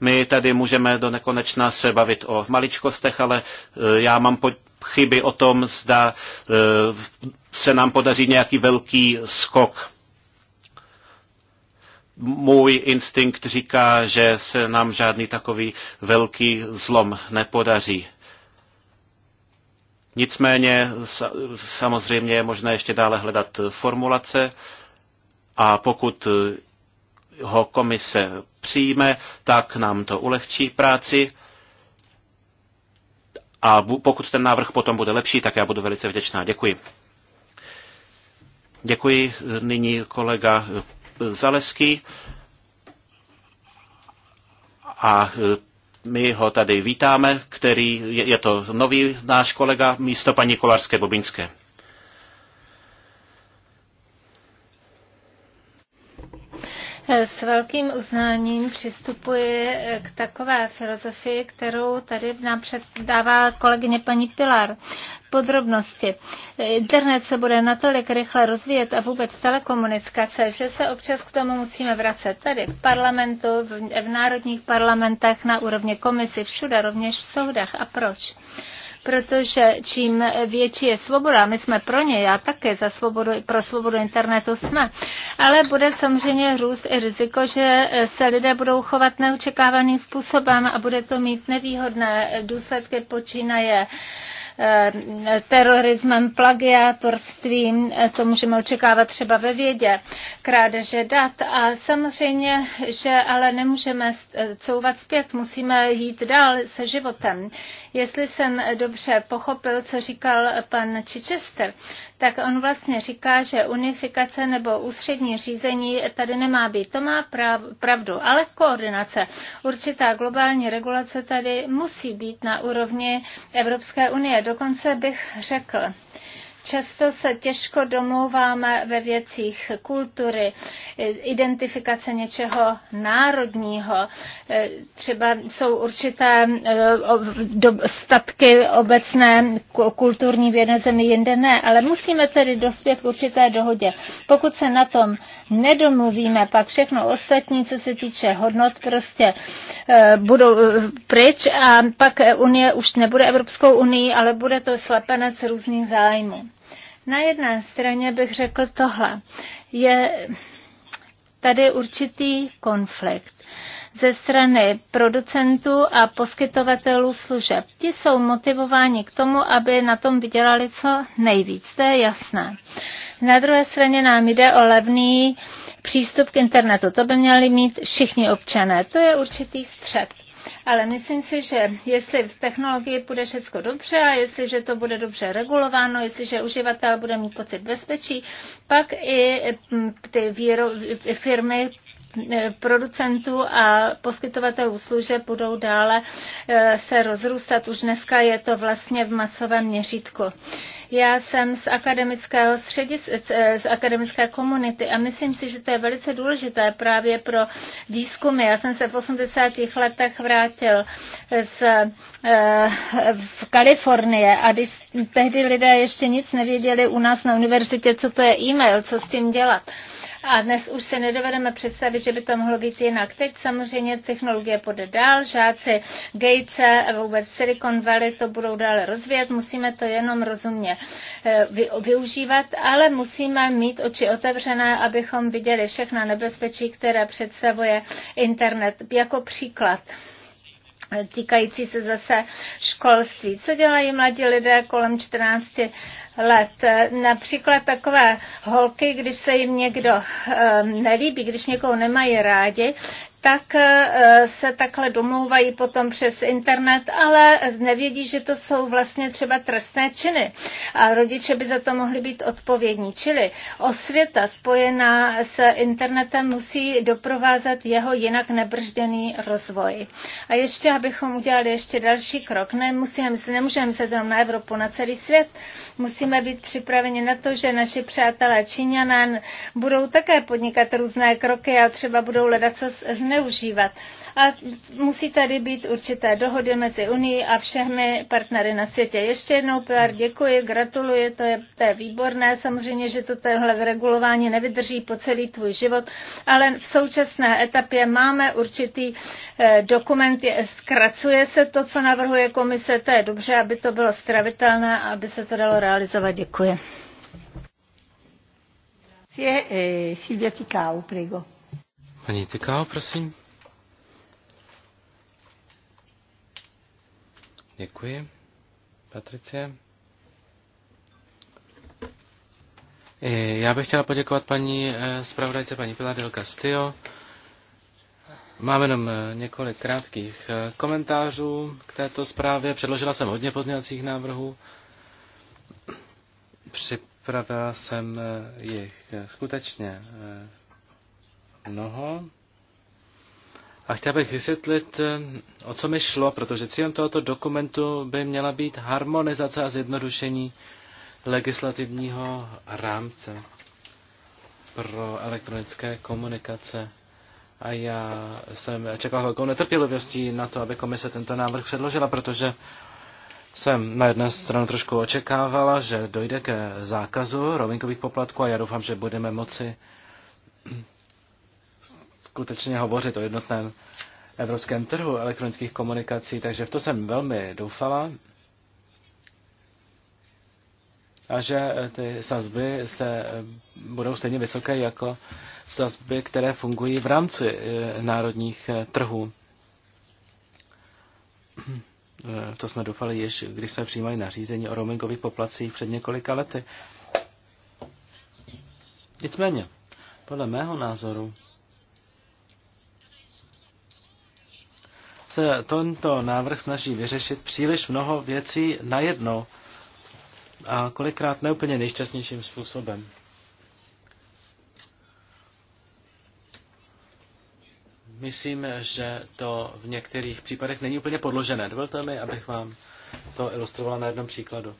my tady můžeme do nekonečna se bavit o maličkostech, ale eh, já mám chyby o tom, zda eh, se nám podaří nějaký velký skok můj instinkt říká, že se nám žádný takový velký zlom nepodaří. Nicméně samozřejmě je možné ještě dále hledat formulace a pokud eh, ho komise přijme, tak nám to ulehčí práci. A pokud ten návrh potom bude lepší, tak já budu velice vděčná. Děkuji. Děkuji nyní kolega eh, Zaleský. A eh, my ho tady vítáme, který je, to nový náš kolega místo paní Kolarské Bobinské. S velkým uznáním přistupuji k takové filozofii, kterou tady nám předává kolegyně paní Pilar. Podrobnosti. Internet se bude natolik rychle rozvíjet a vůbec telekomunikace, že se občas k tomu musíme vracet. Tady v parlamentu, v, v národních parlamentech, na úrovni komisy, všude, rovněž v soudech. A proč? protože čím větší je svoboda, my jsme pro ně, já také za svobodu, pro svobodu internetu jsme, ale bude samozřejmě růst i riziko, že se lidé budou chovat neočekávaným způsobem a bude to mít nevýhodné důsledky počínaje eh, terorismem, plagiátorstvím, eh, to můžeme očekávat třeba ve vědě, krádeže dat. A samozřejmě, že ale nemůžeme eh, couvat zpět, musíme jít dál se životem. Jestli jsem dobře pochopil, co říkal pan Chichester, tak on vlastně říká, že unifikace nebo ústřední řízení tady nemá být. To má pravdu, ale koordinace. Určitá globální regulace tady musí být na úrovni Evropské unie. Dokonce bych řekl, Často se těžko domlouváme ve věcích kultury, identifikace něčeho národního. Třeba jsou určité eh, statky obecné kulturní v jedné zemi, jinde ne, ale musíme tedy dospět k určité dohodě. Pokud se na tom nedomluvíme, pak všechno ostatní, co se týče hodnot, prostě eh, budou eh, pryč a pak Unie už nebude Evropskou unii, ale bude to slepenec různých zájmů. Na jedné straně bych řekl tohle. Je tady určitý konflikt ze strany producentů a poskytovatelů služeb. Ti jsou motivováni k tomu, aby na tom vydělali co nejvíc, to je jasné. Na druhé straně nám jde o levný přístup k internetu. To by měli mít všichni občané. To je určitý střed ale myslím si, že jestli v technologii bude všechno dobře a jestliže to bude dobře regulováno, jestliže uživatel bude mít pocit bezpečí, pak i mm, ty výro, firmy e, producentů a poskytovatelů služeb budou dále e, se rozrůstat. Už dneska je to vlastně v masovém měřítku. Já jsem z, akademického středis, e, z akademické komunity a myslím si, že to je velice důležité právě pro výzkumy. Já jsem se v 80. letech vrátil z, e, v Kalifornie a když tehdy lidé ještě nic nevěděli u nás na univerzitě, co to je e-mail, co s tím dělat. A dnes už se nedovedeme představit, že by to mohlo být jinak. Teď samozřejmě technologie půjde dál, žáci Gatese, vůbec Silicon Valley to budou dále rozvíjet, musíme to jenom rozumně Eh, využívat, ale musíme mít oči otevřené, abychom viděli všechna nebezpečí, které představuje internet. Jako příklad eh, týkající se zase školství. Co dělají mladí lidé kolem 14 let? Eh, například takové holky, když se jim někdo um, nelíbí, když někoho nemají rádi, tak eh, se takhle domlouvají potom přes internet, ale nevědí, že to jsou vlastně třeba trestné činy a rodiče by za to mohli být odpovědní. Čili osvěta spojená s internetem musí doprovázet jeho jinak nebržděný rozvoj. A ještě, abychom udělali ještě další krok, nemusíme, nemůžeme se tam na Evropu, na celý svět, musíme být připraveni na to, že naši přátelé Číňané budou také podnikat různé kroky a třeba budou hledat co z zneužívat. A musí tady být určité dohody mezi Unii a všemi partnery na světě. Ještě jednou, Pilar, děkuji, gratuluji, to je, to je výborné. Samozřejmě, že to tohle regulování nevydrží po celý tvůj život, ale v současné etapě máme určitý eh, dokument, je, zkracuje se to, co navrhuje komise, to je dobře, aby to bylo stravitelné a aby se to dalo realizovat. Děkuji. Eh, Silvia Ticau, prego. Paní Tykal, prosím. Děkuji. Patricie. Já bych chtěla poděkovat paní eh, zpravodajce, paní Pilar Castillo. Mám jenom eh, několik krátkých eh, komentářů k této zprávě. Předložila jsem hodně pozměňovacích návrhů. Připravila jsem jich skutečně mnoho. A chtěl bych vysvětlit, eh, o co mi šlo, protože cílem tohoto dokumentu by měla být harmonizace a zjednodušení legislativního rámce pro elektronické komunikace. A já jsem čekal velkou netrpělivostí na to, aby komise tento návrh předložila, protože jsem na jedné stranu trošku očekávala, že dojde ke zákazu roamingových poplatků a já doufám, že budeme moci skutečně hovořit o jednotném evropském trhu elektronických komunikací, takže v to jsem velmi doufala. A že ty sazby se eh, budou stejně vysoké jako sazby, které fungují v rámci eh, národních eh, trhů. To jsme doufali již, když jsme přijímali nařízení o roamingových poplacích před několika lety. Nicméně, podle mého názoru, se tento návrh snaží vyřešit příliš mnoho věcí najednou a kolikrát neúplně nejšťastnějším způsobem. Myslím, že to v některých případech není úplně podložené. Dovolte mi, abych vám to ilustrovala na jednom příkladu.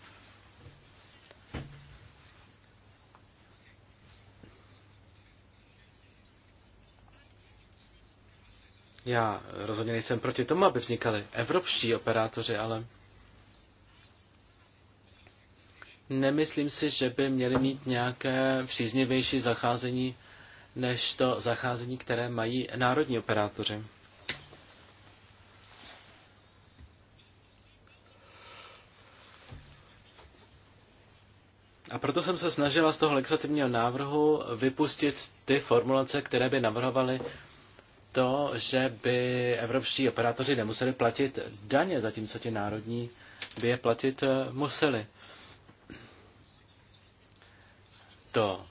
Já rozhodně nejsem proti tomu, aby vznikaly evropští operátoři, ale nemyslím si, že by měli mít nějaké příznivější zacházení než to zacházení, které mají národní operátoři. A proto jsem se snažila z toho legislativního návrhu vypustit ty formulace, které by navrhovaly to, že by evropští operátoři nemuseli platit daně, zatímco ti národní by je platit eh, museli. To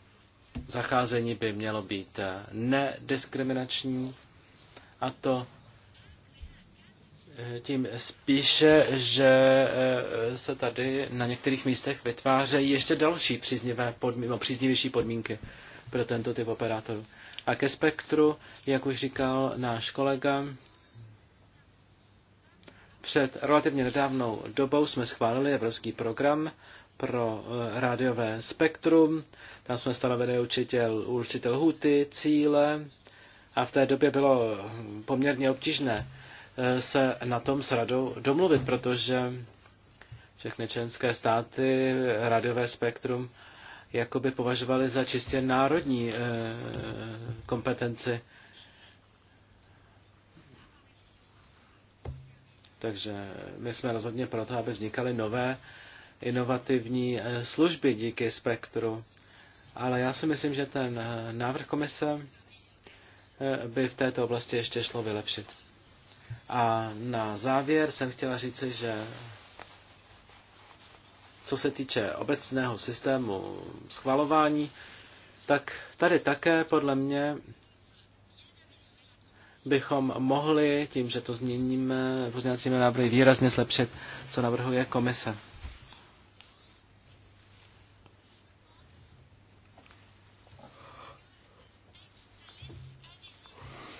zacházení by mělo být eh, nediskriminační a to eh, tím spíše, že se tady na některých místech vytvářejí ještě další příznivé podmínky, příznivější podmínky pro tento typ operátorů. A ke spektru, jak už říkal náš kolega, před relativně nedávnou dobou jsme schválili evropský program pro eh, rádiové spektrum. Tam jsme stanovili učitel určitel huty, cíle a v té době bylo poměrně obtížné eh, se na tom s radou domluvit, protože všechny členské státy radiové spektrum jakoby považovali za čistě národní eh, kompetenci. Takže my jsme rozhodně proto, aby vznikaly nové inovativní eh, služby díky spektru. Ale já si myslím, že ten eh, návrh komise by v této oblasti ještě šlo vylepšit. A na závěr jsem chtěla říci, že co se týče obecného systému schvalování, tak tady také podle mě bychom mohli, tím, že to změníme pozměňovacími návrhy, výrazně zlepšit, co navrhuje komise.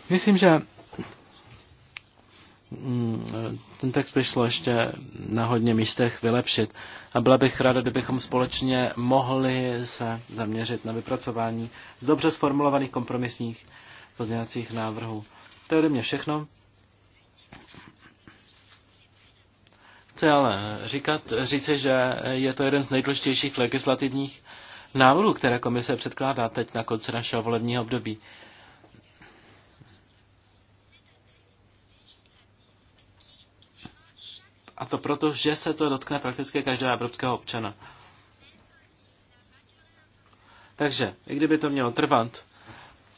Myslím, že ten text by šlo ještě na hodně místech vylepšit. A byla bych ráda, kdybychom společně mohli se zaměřit na vypracování z dobře sformulovaných kompromisních pozměňovacích návrhů. To je ode mě všechno. Chci ale říkat, říci, že je to jeden z nejdůležitějších legislativních návrhů, které komise předkládá teď na konci našeho volebního období. A to proto, že se to dotkne prakticky každého evropského občana. Takže, i kdyby to mělo trvat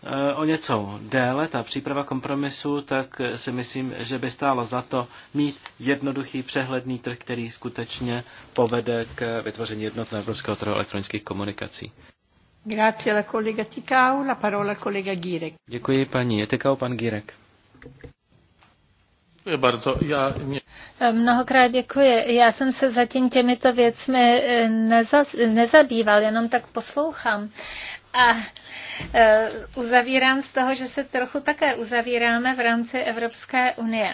eh, o něco déle, ta příprava kompromisu, tak eh, si myslím, že by stálo za to mít jednoduchý přehledný trh, který skutečně povede k vytvoření jednotného evropského trhu elektronických komunikací. Grazie la collega Ticau, la parola collega Girek. Děkuji paní Jetikau, pan Girek. Děkuji bardzo. Já mě... Mnohokrát děkuji. Já jsem se zatím těmito věcmi e, neza, nezabýval, jenom tak poslouchám. A e, uzavírám z toho, že se trochu také uzavíráme v rámci Evropské unie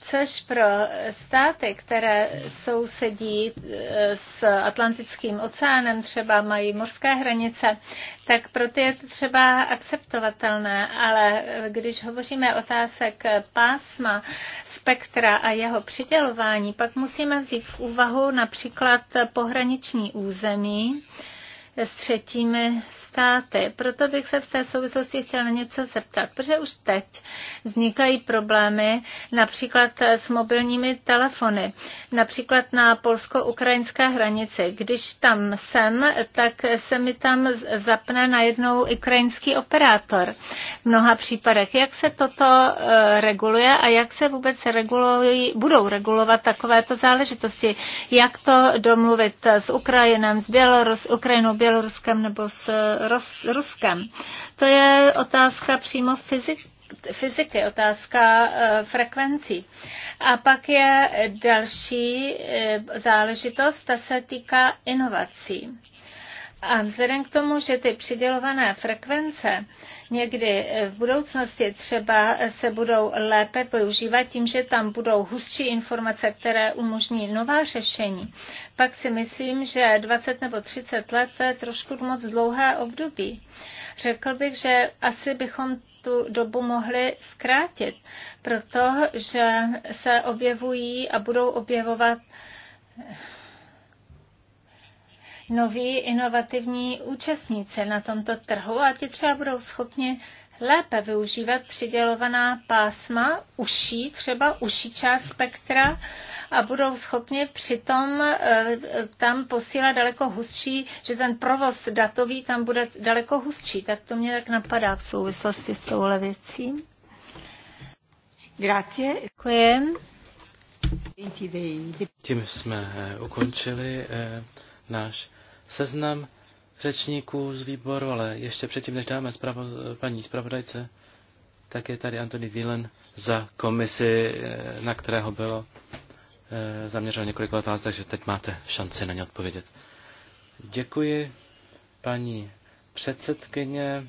což pro státy, které sousedí e, s Atlantickým oceánem, třeba mají mořské hranice, tak pro ty je to třeba akceptovatelné, ale když hovoříme otázek pásma, spektra a jeho přidělování, pak musíme vzít v úvahu například pohraniční území, s třetími státy. Proto bych se v té souvislosti chtěla na něco zeptat, protože už teď vznikají problémy například s mobilními telefony, například na polsko-ukrajinské hranici. Když tam jsem, tak se mi tam zapne najednou ukrajinský operátor v mnoha případech. Jak se toto e, reguluje a jak se vůbec regulují, budou regulovat takovéto záležitosti? Jak to domluvit s Ukrajinem, s Bělorus, Ukrajinou, Bělorus, Běloruskem nebo s Ros- Ruskem. To je otázka přímo fyzik, fyziky, otázka eh, frekvencí. A pak je další eh, záležitost, ta se týká inovací. A vzhledem k tomu, že ty přidělované frekvence někdy eh, v budoucnosti třeba se budou lépe používat tím, že tam budou hustší informace, které umožní nová řešení, pak si myslím, že 20 nebo 30 let je trošku moc dlouhé období. Řekl bych, že asi bychom tu dobu mohli zkrátit, protože se objevují a budou objevovat noví inovativní účastníci na tomto trhu a ti třeba budou schopni lépe využívat přidělovaná pásma, uší, třeba uší část spektra a budou schopni přitom eh, tam posílat daleko hustší, že ten provoz datový tam bude daleko hustší. Tak to mě tak napadá v souvislosti s touhle věcí. Grazie. Děkujem. Tím jsme eh, ukončili eh, náš seznam řečníků z výboru, ale ještě předtím, než dáme zpravo, paní zpravodajce, tak je tady Antony Whelan za komisi, eh, na kterého bylo eh, zaměřeno několik otázek, takže teď máte šanci na ně odpovědět. Děkuji, paní předsedkyně.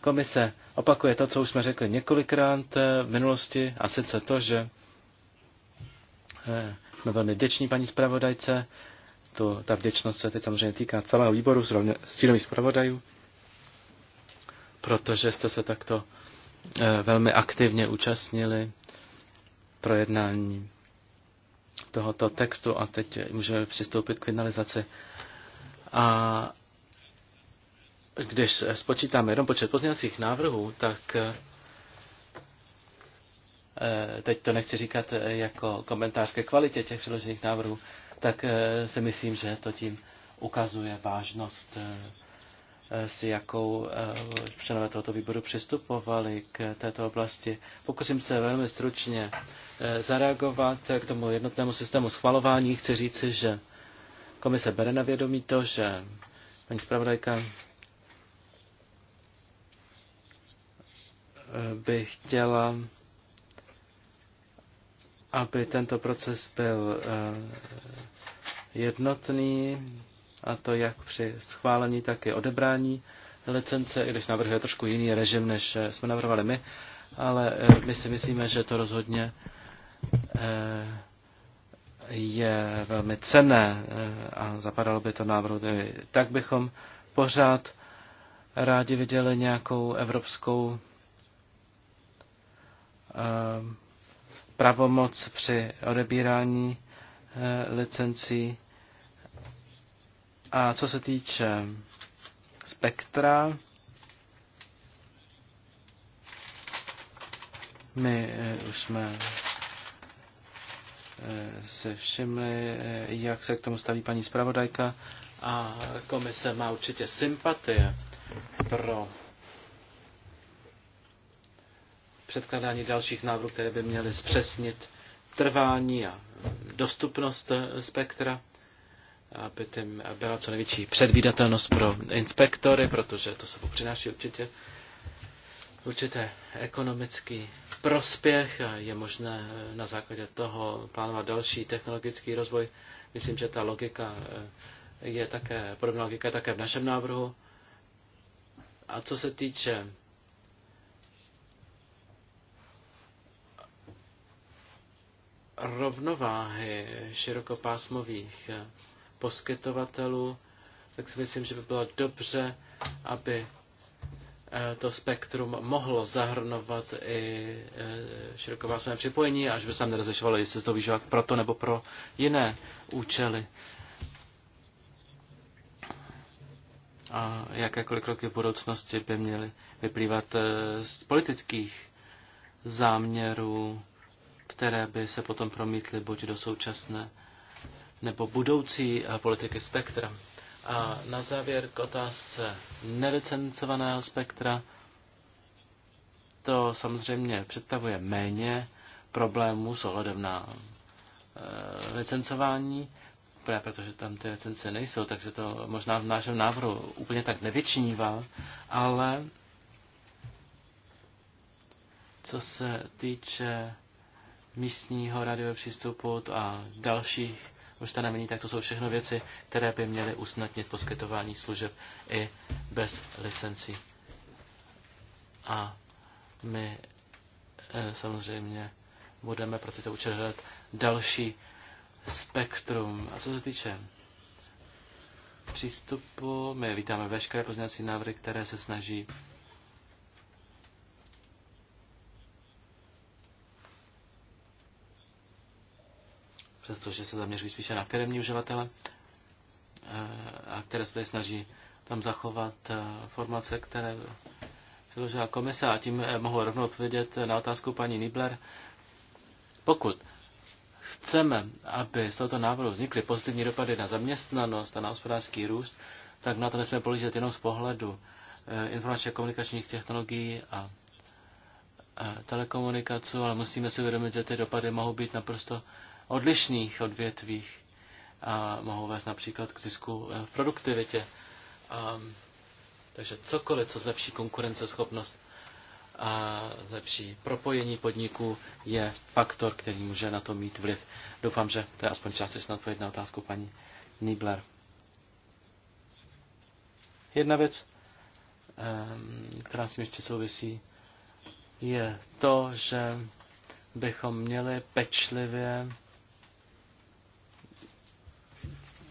Komise opakuje to, co už jsme řekli několikrát eh, v minulosti, a sice to, že jsme velmi vděční paní zpravodajce to, ta vděčnost se teď samozřejmě týká celého výboru, zrovna stínových zpravodajů, protože jste se takto eh, velmi aktivně účastnili projednání tohoto textu a teď můžeme přistoupit k finalizaci. A když spočítáme jenom počet pozměňovacích návrhů, tak eh, teď to nechci říkat jako komentář ke kvalitě těch přiložených návrhů, tak eh, si myslím, že to tím ukazuje vážnost, eh, eh, s jakou členové tohoto výboru přistupovali k této oblasti. Pokusím se velmi stručně zareagovat k tomu jednotnému systému schvalování. Chci říci, že komise bere na vědomí to, že paní zpravodajka by chtěla aby tento proces byl eh, jednotný, a to jak při schválení, tak i odebrání licence, i když navrhuje trošku jiný režim, než eh, jsme navrhovali my, ale eh, my si myslíme, že to rozhodně je velmi cené a zapadalo by to návrhu. Tak bychom pořád rádi viděli nějakou evropskou pravomoc při odebírání eh, licencí. A co se týče spektra, my eh, už jsme eh, se všimli, jak se k tomu staví paní zpravodajka a komise má určitě sympatie pro předkládání dalších návrhů, které by měly zpřesnit trvání a dostupnost eh, spektra, aby tím byla co největší předvídatelnost pro inspektory, protože to se přináší určitě určité ekonomický prospěch a je možné eh, na základě toho plánovat další technologický rozvoj. Myslím, že ta logika eh, je také, podobná logika je také v našem návrhu. A co se týče rovnováhy širokopásmových poskytovatelů, tak si myslím, že by bylo dobře, aby eh, to spektrum mohlo zahrnovat i eh, širokopásmové připojení, až by se nerozlišovalo, jestli se to využívat pro to nebo pro jiné účely. A jakékoliv kroky v budoucnosti by měly vyplývat eh, z politických záměrů které by se potom promítly buď do současné nebo budoucí eh, politiky spektra. A na závěr k otázce nelicencovaného spektra. To samozřejmě představuje méně problémů s ohledem na e, licencování, právě protože tam ty licence nejsou, takže to možná v našem návrhu úplně tak nevyčnívá, ale co se týče místního radio přístupu a dalších nemění, tak to jsou všechno věci, které by měly usnadnit poskytování služeb i bez licencí. A my eh, samozřejmě budeme pro tyto účely hledat další spektrum. A co se týče přístupu, my vítáme veškeré pozměňovací návrhy, které se snaží přestože se zaměřují spíše na firmní uživatele, eh, a které se tady snaží tam zachovat eh, formace, které předložila komise. A tím eh, mohu rovnou odpovědět na otázku paní Nibler. Pokud chceme, aby z tohoto návrhu vznikly pozitivní dopady na zaměstnanost a na hospodářský růst, tak na to nesmíme pohlížet jenom z pohledu informačně komunikačních technologií a telekomunikací, ale musíme si uvědomit, že ty dopady mohou být naprosto odlišných odvětvích a mohou vést například k zisku eh, v produktivitě. A, takže cokoliv, co zlepší konkurenceschopnost a zlepší propojení podniků, je faktor, který může na to mít vliv. Doufám, že to je aspoň částečná odpověď na otázku paní Nibler. Jedna věc, ehm, která s tím ještě souvisí, je to, že bychom měli pečlivě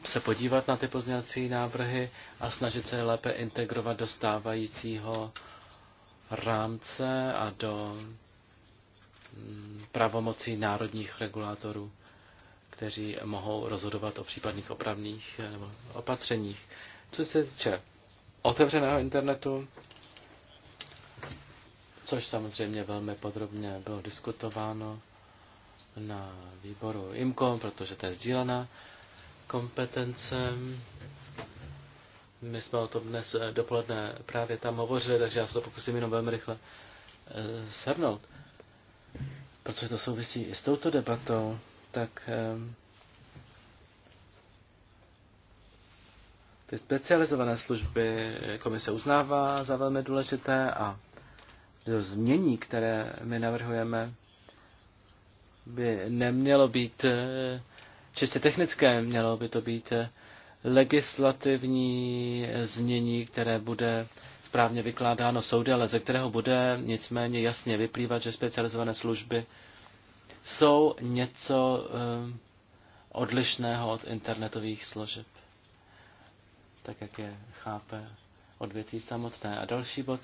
se podívat na ty pozměňovací návrhy a snažit se je lépe integrovat do stávajícího rámce a do mm, pravomocí národních regulátorů, kteří mohou rozhodovat o případných opravných eh, nebo opatřeních. Co se týče otevřeného internetu, což samozřejmě velmi podrobně bylo diskutováno na výboru IMCO, protože to je sdílená kompetencem. My jsme o tom dnes eh, dopoledne právě tam hovořili, takže já se to pokusím jenom velmi rychle eh, shrnout. Protože to souvisí i s touto debatou, tak eh, ty specializované služby komise uznává za velmi důležité a to změní, které my navrhujeme, by nemělo být čistě technické, mělo by to být eh, legislativní znění, které bude správně vykládáno soudy, ale ze kterého bude nicméně jasně vyplývat, že specializované služby jsou něco eh, odlišného od internetových složeb, tak jak je chápe odvětví samotné. A další bod,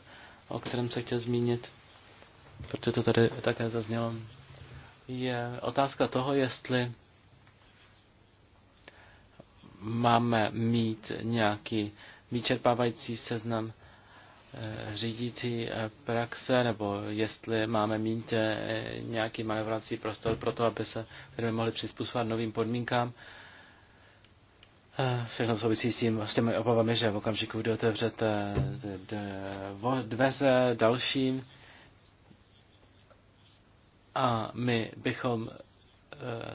o kterém se chtěl zmínit, protože to tady také zaznělo, je otázka toho, jestli máme mít nějaký vyčerpávající seznam eh, řídící eh, praxe, nebo jestli máme mít eh, nějaký manevrací prostor pro to, aby se firmy mohly přizpůsobovat novým podmínkám. Všechno souvisí s tím, s těmi obavami, že v okamžiku, kdy otevřete dveře dalším, a my bychom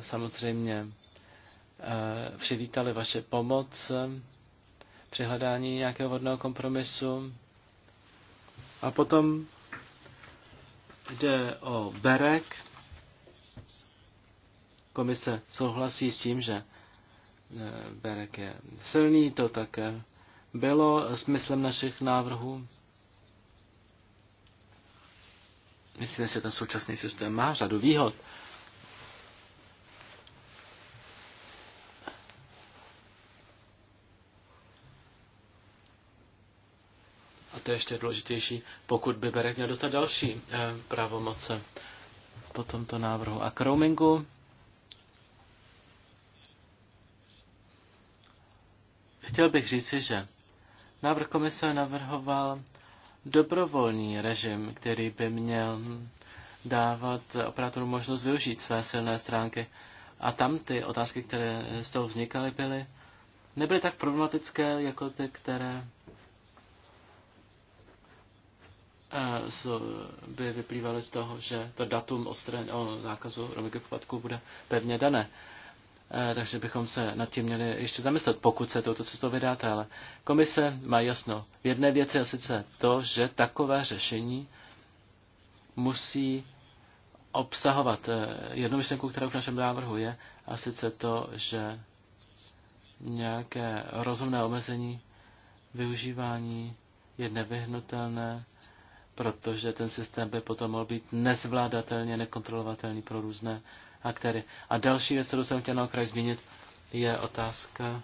samozřejmě Eh, přivítali vaše pomoc při hledání nějakého vodného kompromisu. A potom jde o Berek. Komise souhlasí s tím, že eh, Berek je silný, to také bylo smyslem našich návrhů. Myslím, že ten současný systém má řadu výhod. je ještě důležitější, pokud by Berek měl dostat další eh, pravomoce po tomto návrhu. A k roamingu chtěl bych říci, že návrh komise navrhoval dobrovolný režim, který by měl dávat operátorům možnost využít své silné stránky. A tam ty otázky, které z toho vznikaly, byly, nebyly tak problematické jako ty, které by vyplývaly z toho, že to datum o, o zákazu rovných poplatků bude pevně dané. E, takže bychom se nad tím měli ještě zamyslet, pokud se touto cestou vydáte. Ale komise má jasno v jedné věci a sice to, že takové řešení musí obsahovat e, jednu myšlenku, která v našem návrhu je, a sice to, že nějaké rozumné omezení využívání je nevyhnutelné protože ten systém by potom mohl být nezvládatelně nekontrolovatelný pro různé aktéry. A další věc, kterou jsem chtěl na okraj zmínit, je otázka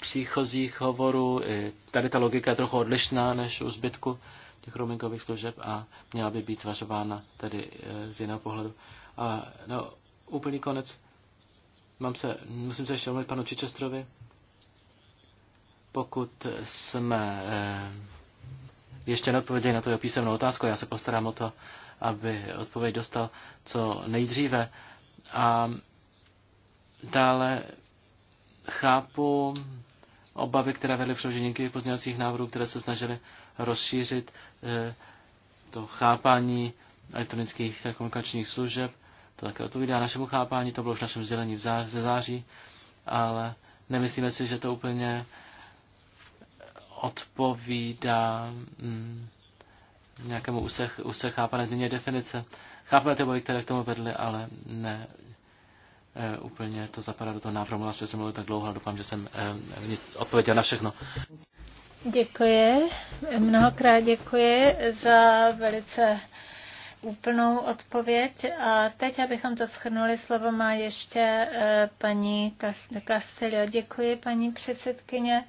příchozích hovorů. I tady ta logika je trochu odlišná než u zbytku těch roamingových služeb a měla by být zvažována tedy eh, z jiného pohledu. A no, úplný konec. Mám se, musím se ještě omluvit panu Čičestrovi. Pokud jsme eh, ještě neodpověděli na tu písemnou otázku. Já se postarám o to, aby odpověď dostal co nejdříve. A dále chápu obavy, které vedly předložení pozměňovacích návrhů, které se snažily rozšířit eh, to chápání elektronických telekomunikačních služeb. To také odpovídá našemu chápání, to bylo už v našem sdělení ze září, ale nemyslíme si, že to úplně odpovídá mm, nějakému úse chápané změně definice. Chápeme ty obavy, které k tomu vedly, ale ne e, úplně to zapadá do toho návrhu. že jsem mluvil tak dlouho, ale doufám, že jsem e, odpověděl na všechno. Děkuji, mnohokrát děkuji za velice úplnou odpověď. A teď, abychom to schrnuli, slovo má ještě e, paní Castillo. Děkuji, paní předsedkyně.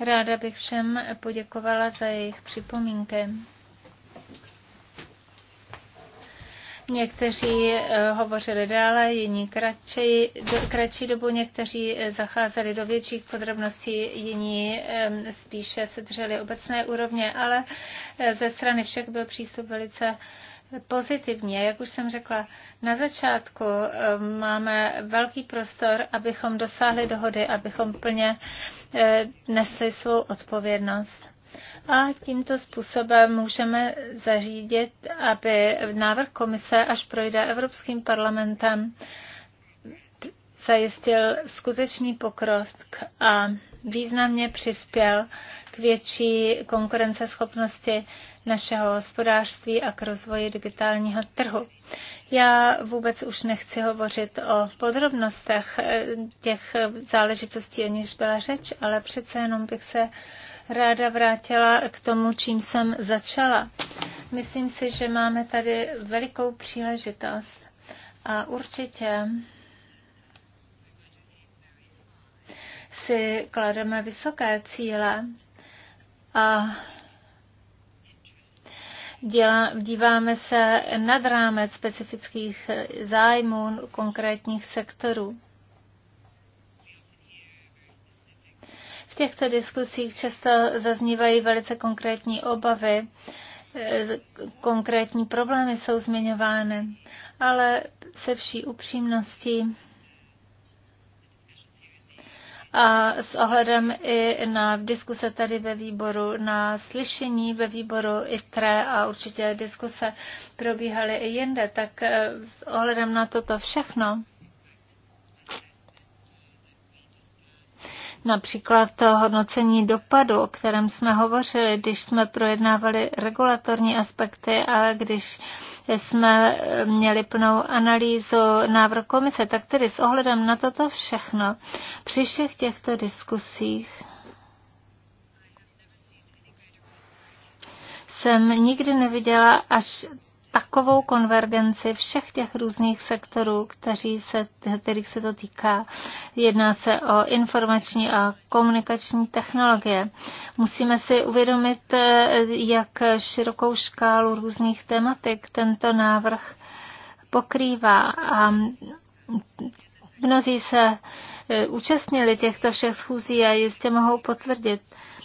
Ráda bych všem poděkovala za jejich připomínky. Někteří eh, hovořili dále, jiní kratší, do, kratší dobu, někteří eh, zacházeli do větších podrobností, jiní spíše se drželi obecné úrovně, ale eh, ze strany všech byl přístup velice pozitivně. Jak už jsem řekla na začátku, eh, máme velký prostor, abychom dosáhli dohody, abychom plně eh, nesli svou odpovědnost. A tímto způsobem můžeme zařídit, aby návrh komise, až projde Evropským parlamentem, zajistil skutečný pokrok a významně přispěl k větší konkurenceschopnosti našeho hospodářství a k rozvoji digitálního trhu. Já vůbec už nechci hovořit o podrobnostech eh, těch záležitostí, o nichž byla řeč, ale přece jenom bych se ráda vrátila k tomu, čím jsem začala. Myslím si, že máme tady velikou příležitost a určitě si klademe vysoké cíle a dělá, díváme se nad rámec specifických zájmů konkrétních sektorů. V těchto diskusích často zaznívají velice konkrétní obavy, eh, konkrétní problémy jsou zmiňovány, ale se vší upřímností a s ohledem i na diskuse tady ve výboru, na slyšení ve výboru ITRE a určitě diskuse probíhaly i jinde, tak eh, s ohledem na toto všechno Například to hodnocení dopadu, o kterém jsme hovořili, když jsme projednávali regulatorní aspekty a když jsme eh, měli plnou analýzu návrh komise, tak tedy s ohledem na toto všechno, při všech těchto diskusích jsem nikdy neviděla až takovou konvergenci všech těch různých sektorů, kteří se, kterých se to týká. Jedná se o informační a komunikační technologie. Musíme si uvědomit, jak širokou škálu různých tematik tento návrh pokrývá. A mnozí se účastnili těchto všech schůzí a jistě mohou potvrdit,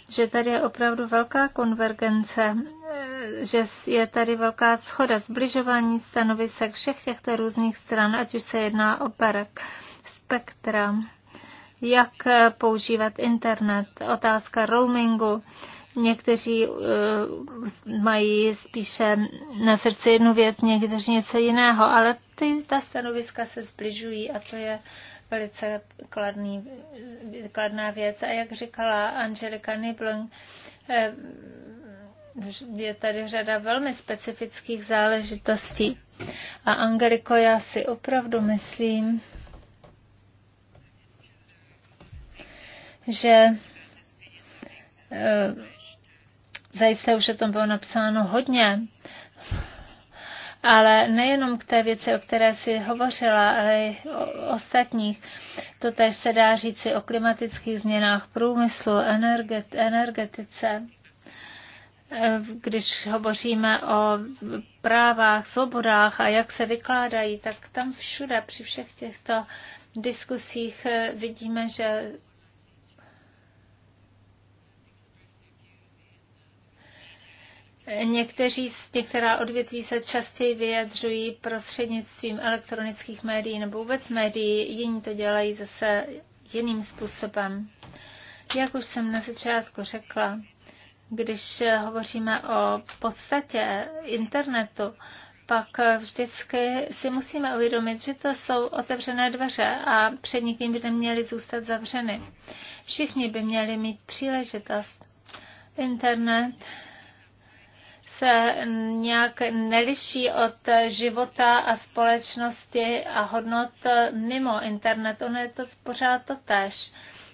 že tady je opravdu velká konvergence, eh, že je tady velká schoda, zbližování stanovisek všech těchto různých stran, ať už se jedná o barek, spektra, jak eh, používat internet, otázka roamingu, Někteří eh, mají spíše na srdci jednu věc, někteří něco jiného, ale ty, ta stanoviska se zbližují a to je velice kladný, kladná věc. A jak říkala Angelika Niblung, eh, je tady řada velmi specifických záležitostí. A Angeliko, já si opravdu myslím, že eh, Zajisté už o tom bylo napsáno hodně, ale nejenom k té věci, o které si hovořila, ale i o ostatních. To tež se dá říci o klimatických změnách průmyslu, energetice když hovoříme o právách, svobodách a jak se vykládají, tak tam všude při všech těchto diskusích vidíme, že Někteří z některá odvětví se častěji vyjadřují prostřednictvím elektronických médií nebo vůbec médií, jiní to dělají zase jiným způsobem. Jak už jsem na začátku řekla, když hovoříme o podstatě internetu, pak vždycky si musíme uvědomit, že to jsou otevřené dveře a před nikým by neměly zůstat zavřeny. Všichni by měli mít příležitost. Internet se nějak neliší od života a společnosti a hodnot mimo internet. Ono je to pořád to tež.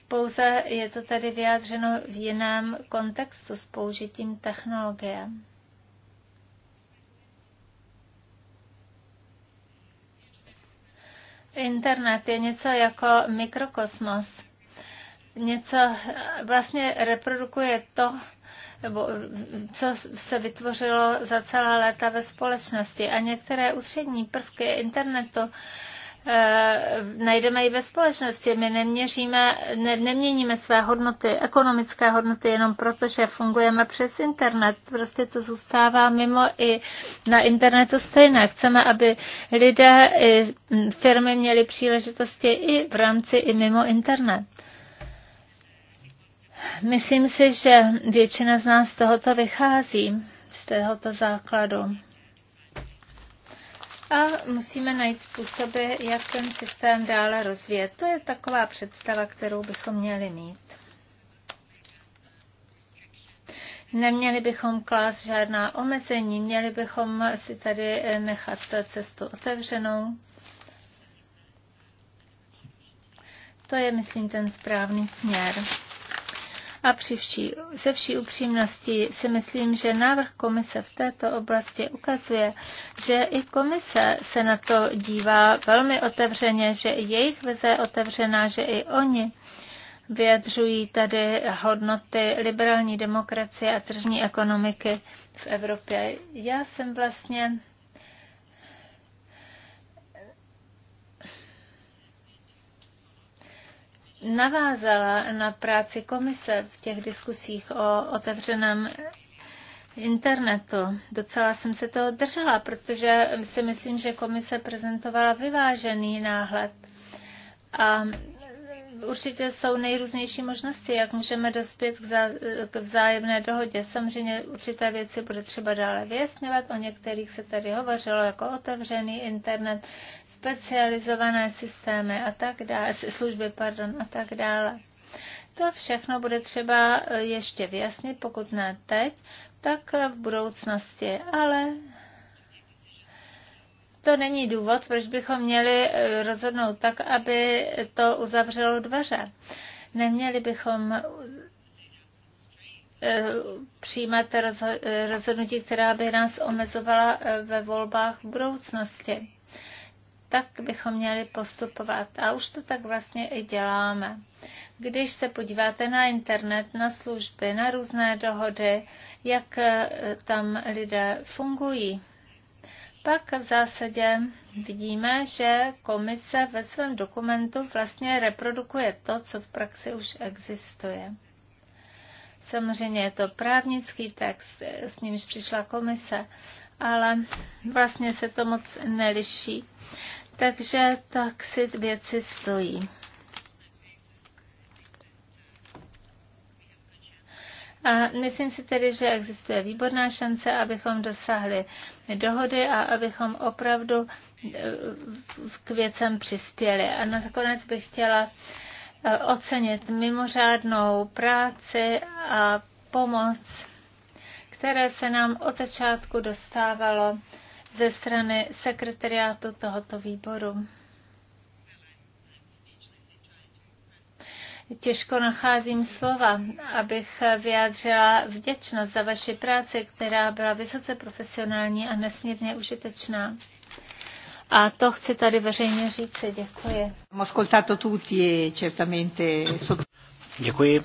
Pouze je to tady vyjádřeno v jiném kontextu s použitím technologie. Internet je něco jako mikrokosmos. Něco vlastně reprodukuje to, nebo co se vytvořilo za celá léta ve společnosti. A některé ústřední prvky internetu eh, najdeme i ve společnosti. My neměříme, ne, neměníme své hodnoty, ekonomické hodnoty jenom proto, že fungujeme přes internet. Prostě to zůstává mimo i na internetu stejné. Chceme, aby lidé i firmy měli příležitosti i v rámci, i mimo internet. Myslím si, že většina z nás z tohoto vychází, z tohoto základu. A musíme najít způsoby, jak ten systém dále rozvíjet. To je taková představa, kterou bychom měli mít. Neměli bychom klást žádná omezení, měli bychom si tady nechat cestu otevřenou. To je, myslím, ten správný směr. A při vší, se vší upřímností si myslím, že návrh komise v této oblasti ukazuje, že i komise se na to dívá velmi otevřeně, že i jejich vize je otevřená, že i oni vyjadřují tady hodnoty liberální demokracie a tržní ekonomiky v Evropě. Já jsem vlastně navázala na práci komise v těch diskusích o otevřeném internetu. Docela jsem se toho držela, protože si myslím, že komise prezentovala vyvážený náhled. A určitě jsou nejrůznější možnosti, jak můžeme dospět k, za, k vzájemné dohodě. Samozřejmě určité věci bude třeba dále vyjasňovat, o některých se tady hovořilo, jako otevřený internet, specializované systémy a tak dále, služby pardon, a tak dále. To všechno bude třeba eh, ještě vyjasnit, pokud ne teď, tak eh, v budoucnosti. Ale to není důvod, proč bychom měli eh, rozhodnout tak, aby to uzavřelo dveře. Neměli bychom přijímat rozhodnutí, která by nás omezovala ve volbách v budoucnosti tak bychom měli postupovat. A už to tak vlastně i děláme. Když se podíváte na internet, na služby, na různé dohody, jak eh, tam lidé fungují, pak v zásadě vidíme, že komise ve svém dokumentu vlastně reprodukuje to, co v praxi už existuje. Samozřejmě je to právnický text, eh, s nímž přišla komise, ale vlastně se to moc neliší. Takže tak si věci stojí. A myslím si tedy, že existuje výborná šance, abychom dosáhli dohody a abychom opravdu eh, k věcem přispěli. A nakonec bych chtěla eh, ocenit mimořádnou práci a pomoc, které se nám od začátku dostávalo ze strany sekretariátu tohoto výboru. Těžko nacházím slova, abych vyjádřila vděčnost za vaši práci, která byla vysoce profesionální a nesmírně užitečná. A to chci tady veřejně říct. Děkuji. E Děkuji.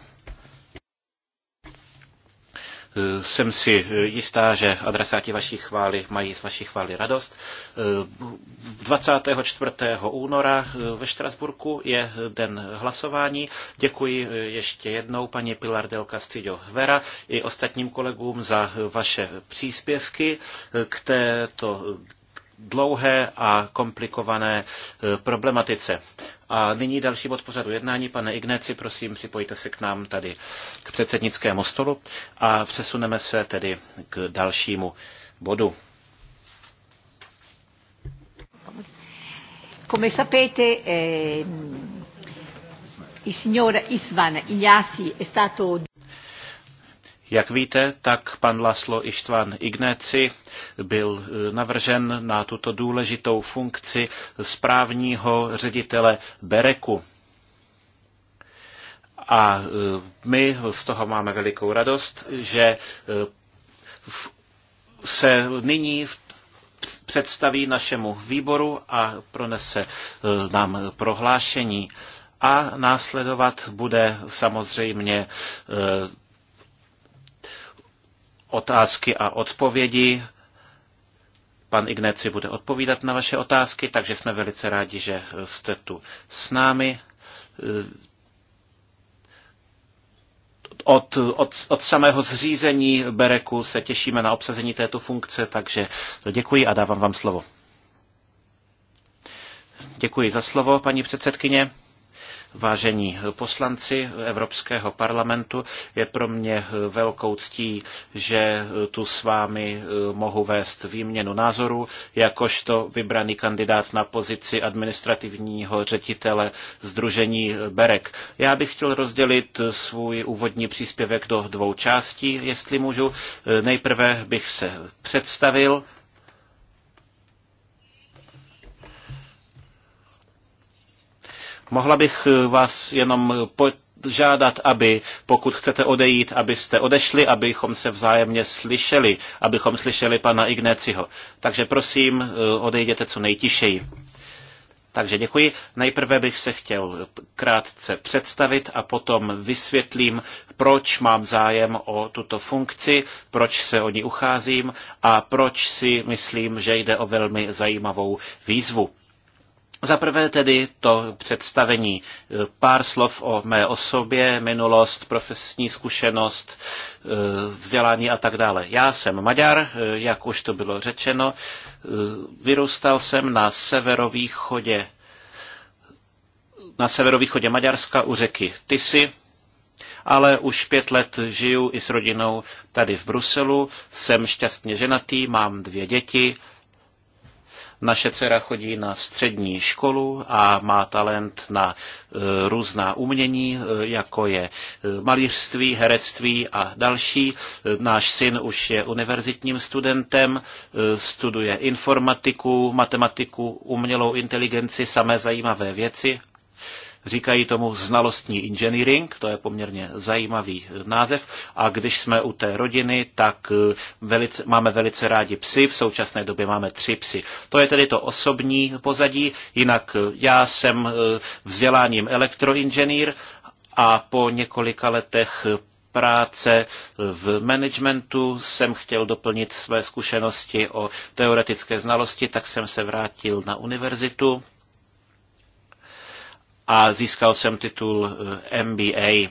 Eh, jsem si eh, jistá, že adresáti vaší chvály mají z vaší chvály radost. 24. Eh, února ve Štrasburku je den hlasování. Děkuji ještě jednou paní Pilar del Castillo Vera i ostatním kolegům za vaše příspěvky k této dlouhé a komplikované problematice. A nyní další bod pořadu jednání. Pane Igneci, prosím, připojte se k nám tady k předsednickému stolu a přesuneme se tedy k dalšímu bodu. Come sapete, eh, il signor Isvan Ignasi è stato jak víte, tak pan Laslo Ištvan Igneci byl e, navržen na tuto důležitou funkci správního ředitele Bereku. A e, my z toho máme velikou radost, že e, se nyní představí našemu výboru a pronese nám prohlášení. A následovat bude samozřejmě otázky a odpovědi. Pan Igneci bude odpovídat na vaše otázky, takže jsme velice rádi, že jste tu s námi. Od, od, od samého zřízení Bereku se těšíme na obsazení této funkce, takže děkuji a dávám vám slovo. Děkuji za slovo, paní předsedkyně. Vážení poslanci Evropského parlamentu, je pro mě velkou ctí, že tu s vámi mohu vést výměnu názorů, jakožto vybraný kandidát na pozici administrativního ředitele Združení Berek. Já bych chtěl rozdělit svůj úvodní příspěvek do dvou částí, jestli můžu. Nejprve bych se představil, Mohla bych eh, vás jenom požádat, aby pokud chcete odejít, abyste odešli, abychom se vzájemně slyšeli, abychom slyšeli pana Ignéciho. Takže prosím, eh, odejděte co nejtišeji. Takže děkuji. Nejprve bych se chtěl krátce představit a potom vysvětlím, proč mám zájem o tuto funkci, proč se o ní ucházím a proč si myslím, že jde o velmi zajímavou výzvu. Za prvé tedy to představení. Pár slov o mé osobě, minulost, profesní zkušenost, eh, vzdělání a tak dále. Já jsem Maďar, eh, jak už to bylo řečeno. Eh, vyrůstal jsem na severovýchodě na severovýchodě Maďarska u řeky Tisy, ale už pět let žiju i s rodinou tady v Bruselu. Jsem šťastně ženatý, mám dvě děti, naše dcera chodí na střední školu a má talent na e, různá umění, e, jako je e, malířství, herectví a další. Náš syn už je univerzitním studentem, studuje informatiku, matematiku, umělou inteligenci, samé zajímavé věci Říkají tomu znalostní engineering, to je poměrně zajímavý název. A když jsme u té rodiny, tak eh, velice, máme velice rádi psy. V současné době máme tři psy. To je tedy to osobní pozadí. Jinak eh, já jsem eh, vzděláním elektroinženýr a po několika letech práce v managementu jsem chtěl doplnit své zkušenosti o teoretické znalosti, tak jsem se vrátil na univerzitu a získal jsem titul eh, MBA.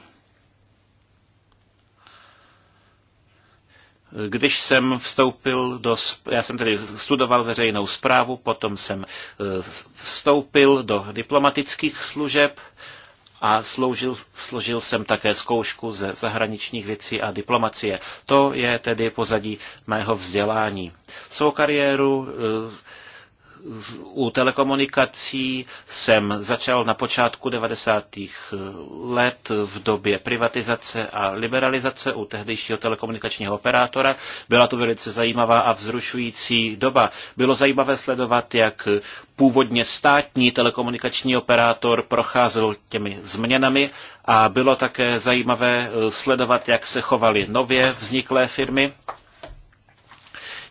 Když jsem vstoupil do, já jsem tedy studoval veřejnou zprávu, potom jsem eh, vstoupil do diplomatických služeb a sloužil, složil jsem také zkoušku ze zahraničních věcí a diplomacie. To je tedy pozadí mého vzdělání. Svou kariéru eh, u telekomunikací jsem začal na počátku 90. let v době privatizace a liberalizace u tehdejšího telekomunikačního operátora. Byla to velice zajímavá a vzrušující doba. Bylo zajímavé sledovat, jak původně státní telekomunikační operátor procházel těmi změnami a bylo také zajímavé sledovat, jak se chovaly nově vzniklé firmy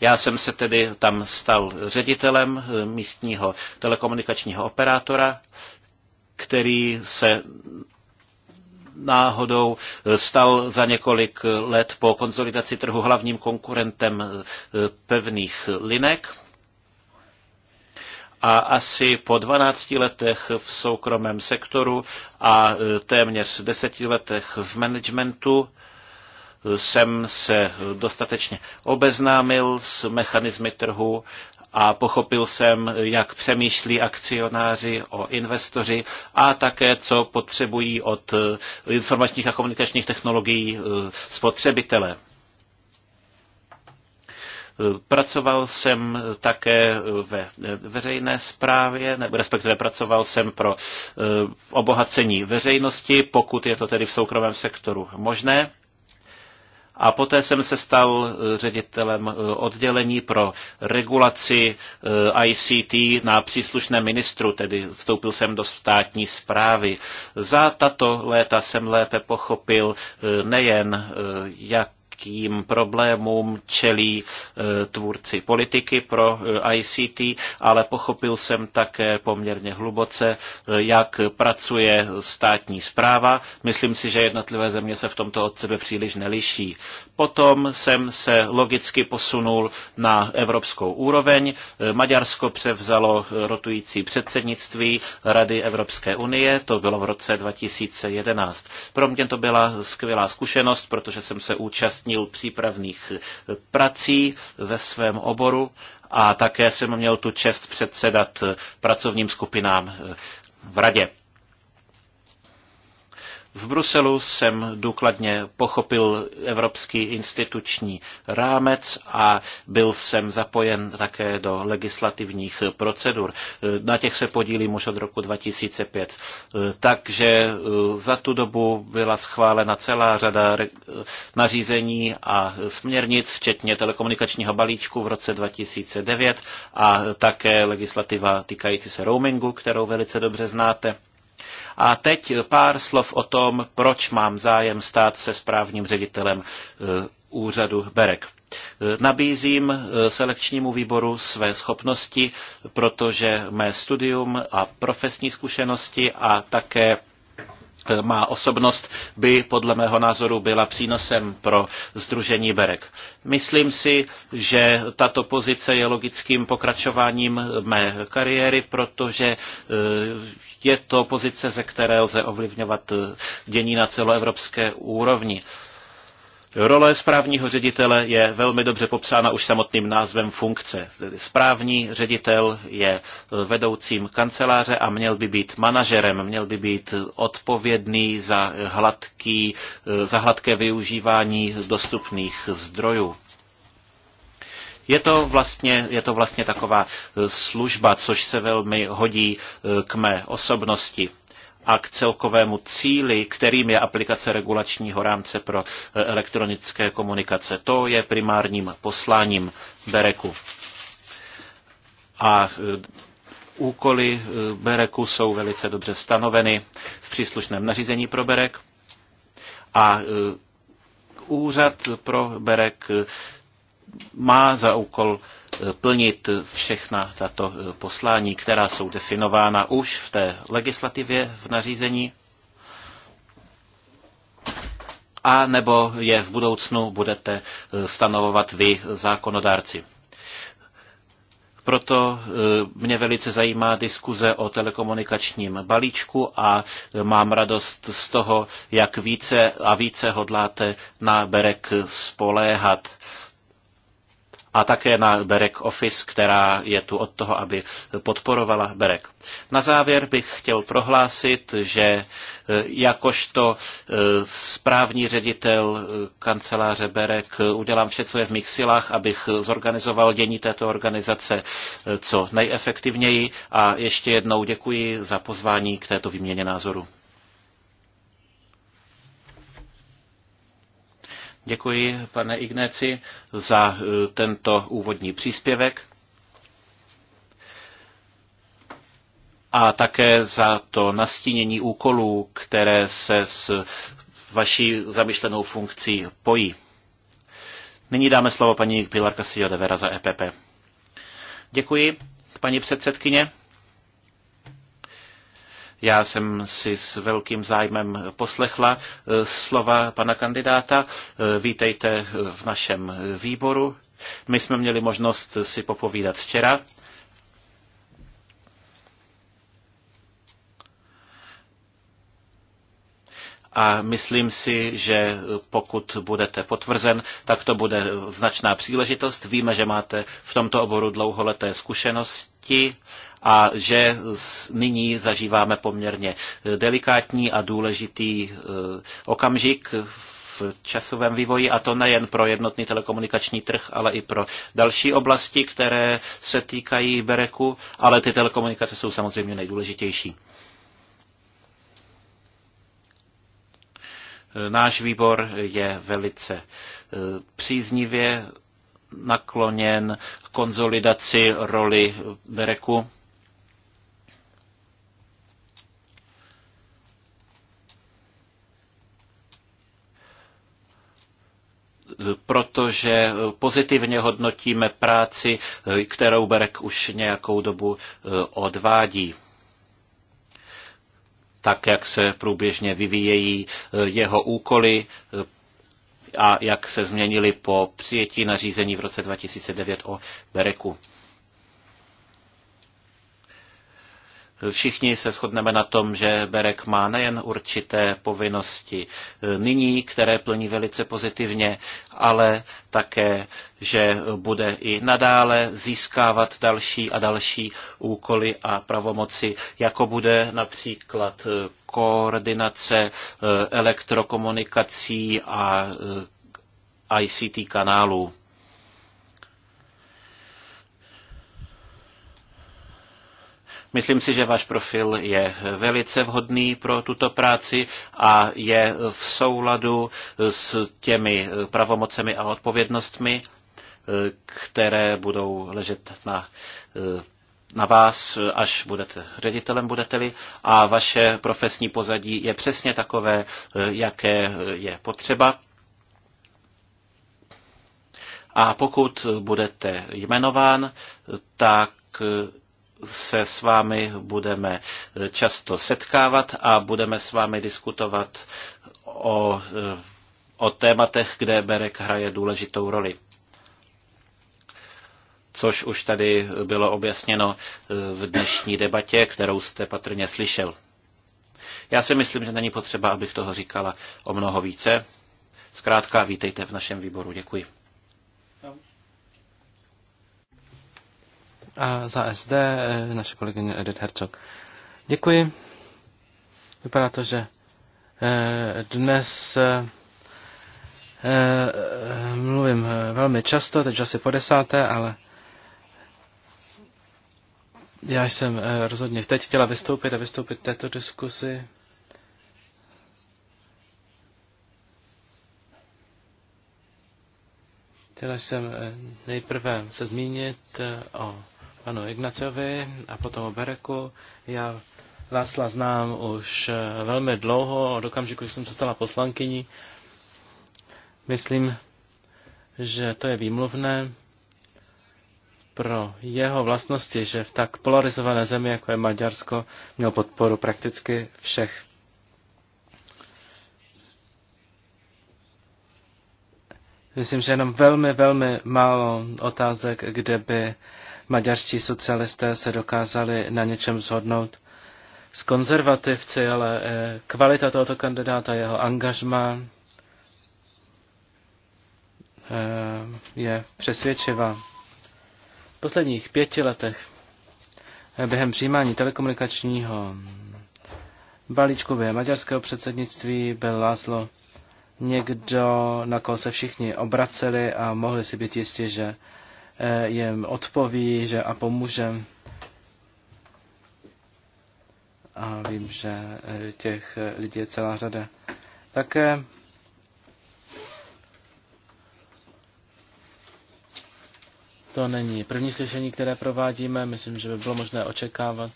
já jsem se tedy tam stal ředitelem eh, místního telekomunikačního operátora, který se náhodou eh, stal za několik eh, let po konsolidaci trhu hlavním konkurentem pevných linek. A asi po 12 letech v soukromém sektoru a téměř 10 letech v managementu jsem se dostatečně obeznámil s mechanismy trhu a pochopil jsem, jak přemýšlí akcionáři o investoři a také, co potřebují od eh, informačních a komunikačních technologií eh, spotřebitele. Eh, pracoval jsem také ve veřejné správě, nebo respektive pracoval jsem pro obohacení veřejnosti, pokud je to tedy v soukromém sektoru možné a poté jsem se stal eh, ředitelem eh, oddělení pro regulaci eh, ICT na příslušné ministru, tedy vstoupil jsem do státní zprávy. Za tato léta jsem lépe pochopil nejen, jak jakým problémům čelí e, tvůrci politiky pro e, ICT, ale pochopil jsem také poměrně hluboce, e, jak pracuje státní zpráva. Myslím si, že jednotlivé země se v tomto od sebe příliš neliší. Potom jsem se logicky posunul na evropskou úroveň. Maďarsko převzalo rotující předsednictví Rady Evropské unie, to bylo v roce 2011. Pro mě to byla skvělá zkušenost, protože jsem se účastnil účastnil přípravných eh, prací ve svém oboru a také jsem měl tu čest předsedat eh, pracovním skupinám eh, v radě. V Bruselu jsem důkladně pochopil evropský instituční rámec a byl jsem zapojen také do legislativních procedur. Na těch se podílím už od roku 2005. Takže eh, za tu dobu byla schválena celá řada nařízení a směrnic, včetně telekomunikačního balíčku v roce 2009 a také legislativa týkající se roamingu, kterou velice dobře znáte. A teď pár slov o tom, proč mám zájem stát se správním ředitelem eh, úřadu Berek. Eh, nabízím eh, selekčnímu výboru své schopnosti, protože mé studium a profesní zkušenosti a také má osobnost by podle mého názoru byla přínosem pro Združení Berek. Myslím si, že tato pozice je logickým pokračováním mé kariéry, protože e, je to pozice, ze které lze ovlivňovat e, dění na celoevropské úrovni. Role správního ředitele je velmi dobře popsána už samotným názvem funkce. Správní ředitel je vedoucím kanceláře a měl by být manažerem, měl by být odpovědný za, hladký, za hladké využívání dostupných zdrojů. Je to, vlastně, je to vlastně taková služba, což se velmi hodí k mé osobnosti a k celkovému cíli, kterým je aplikace regulačního rámce pro eh, elektronické komunikace. To je primárním posláním Bereku. A eh, úkoly eh, Bereku jsou velice dobře stanoveny v příslušném nařízení pro Berek a úřad pro Berek má za úkol plnit všechna tato eh, poslání, která jsou definována už v té legislativě v nařízení? A nebo je v budoucnu budete eh, stanovovat vy, zákonodárci? Proto eh, mě velice zajímá diskuze o telekomunikačním balíčku a mám radost z toho, jak více a více hodláte na Berek spoléhat a také na Berek Office, která je tu od toho, aby podporovala Berek. Na závěr bych chtěl prohlásit, že e, jakožto e, správní ředitel e, kanceláře Berek udělám vše, co je v mých silách, abych zorganizoval dění této organizace co nejefektivněji a ještě jednou děkuji za pozvání k této výměně názoru. Děkuji, pane Igneci, za eh, tento úvodní příspěvek a také za to nastínění úkolů, které se s vaší zamýšlenou funkcí pojí. Nyní dáme slovo paní pilarka Sijodevera za EPP. Děkuji, paní předsedkyně. Já jsem si s velkým zájmem poslechla eh, slova pana kandidáta. Eh, vítejte v našem výboru. My jsme měli možnost si popovídat včera. a myslím si, že pokud budete potvrzen, tak to bude značná příležitost. Víme, že máte v tomto oboru dlouholeté zkušenosti a že nyní zažíváme poměrně eh, delikátní a důležitý eh, okamžik v časovém vývoji a to nejen pro jednotný telekomunikační trh, ale i pro další oblasti, které se týkají Bereku, ale ty telekomunikace jsou samozřejmě nejdůležitější. Eh, náš výbor je velice příznivě nakloněn konzolidaci roli Bereku protože eh, pozitivně hodnotíme práci, eh, kterou Berek už nějakou dobu eh, odvádí tak, jak se průběžně vyvíjejí jeho úkoly a jak se změnily po přijetí nařízení v roce 2009 o Bereku. Všichni se shodneme na tom, že Berek má nejen určité povinnosti nyní, které plní velice pozitivně, ale také, že bude i nadále získávat další a další úkoly a pravomoci, jako bude například koordinace eh, elektrokomunikací a eh, ICT kanálů. Myslím si, že váš profil je velice vhodný pro tuto práci a je v souladu s těmi pravomocemi a odpovědnostmi, které budou ležet na na vás, až budete ředitelem, budete-li, a vaše profesní pozadí je přesně takové, jaké je potřeba. A pokud budete jmenován, tak se s vámi budeme často setkávat a budeme s vámi diskutovat o, o tématech, kde Berek hraje důležitou roli což už tady bylo objasněno v dnešní debatě, kterou jste patrně slyšel. Já si myslím, že není potřeba, abych toho říkala o mnoho více. Zkrátka, vítejte v našem výboru. Děkuji. A za SD eh, naše kolegyně Edith Hercog. Děkuji. Vypadá to, že eh, dnes eh, mluvím velmi často, teď asi po desáté, ale já jsem rozhodně teď chtěla vystoupit a vystoupit této diskusi. Chtěla jsem nejprve se zmínit o panu Ignacovi a potom o Bereku. Já Lásla znám už eh, velmi dlouho, od okamžiku, kdy jsem se stala poslankyní. Myslím, že to je výmluvné pro jeho vlastnosti, že v tak polarizované zemi, jako je Maďarsko, měl podporu prakticky všech. Myslím, že jenom velmi, velmi málo otázek, kde by maďarští socialisté se dokázali na něčem shodnout s konzervativci, ale eh, kvalita tohoto kandidáta, jeho angažma eh, je přesvědčivá. V posledních pěti letech eh, během přijímání telekomunikačního balíčku během maďarského předsednictví byl Lázlo někdo, na koho se všichni obraceli a mohli si být jistí, že Eh, jim odpoví že a pomůže. A vím, že eh, těch eh, lidí je celá řada. Také to není první slyšení, které provádíme. Myslím, že by bylo možné očekávat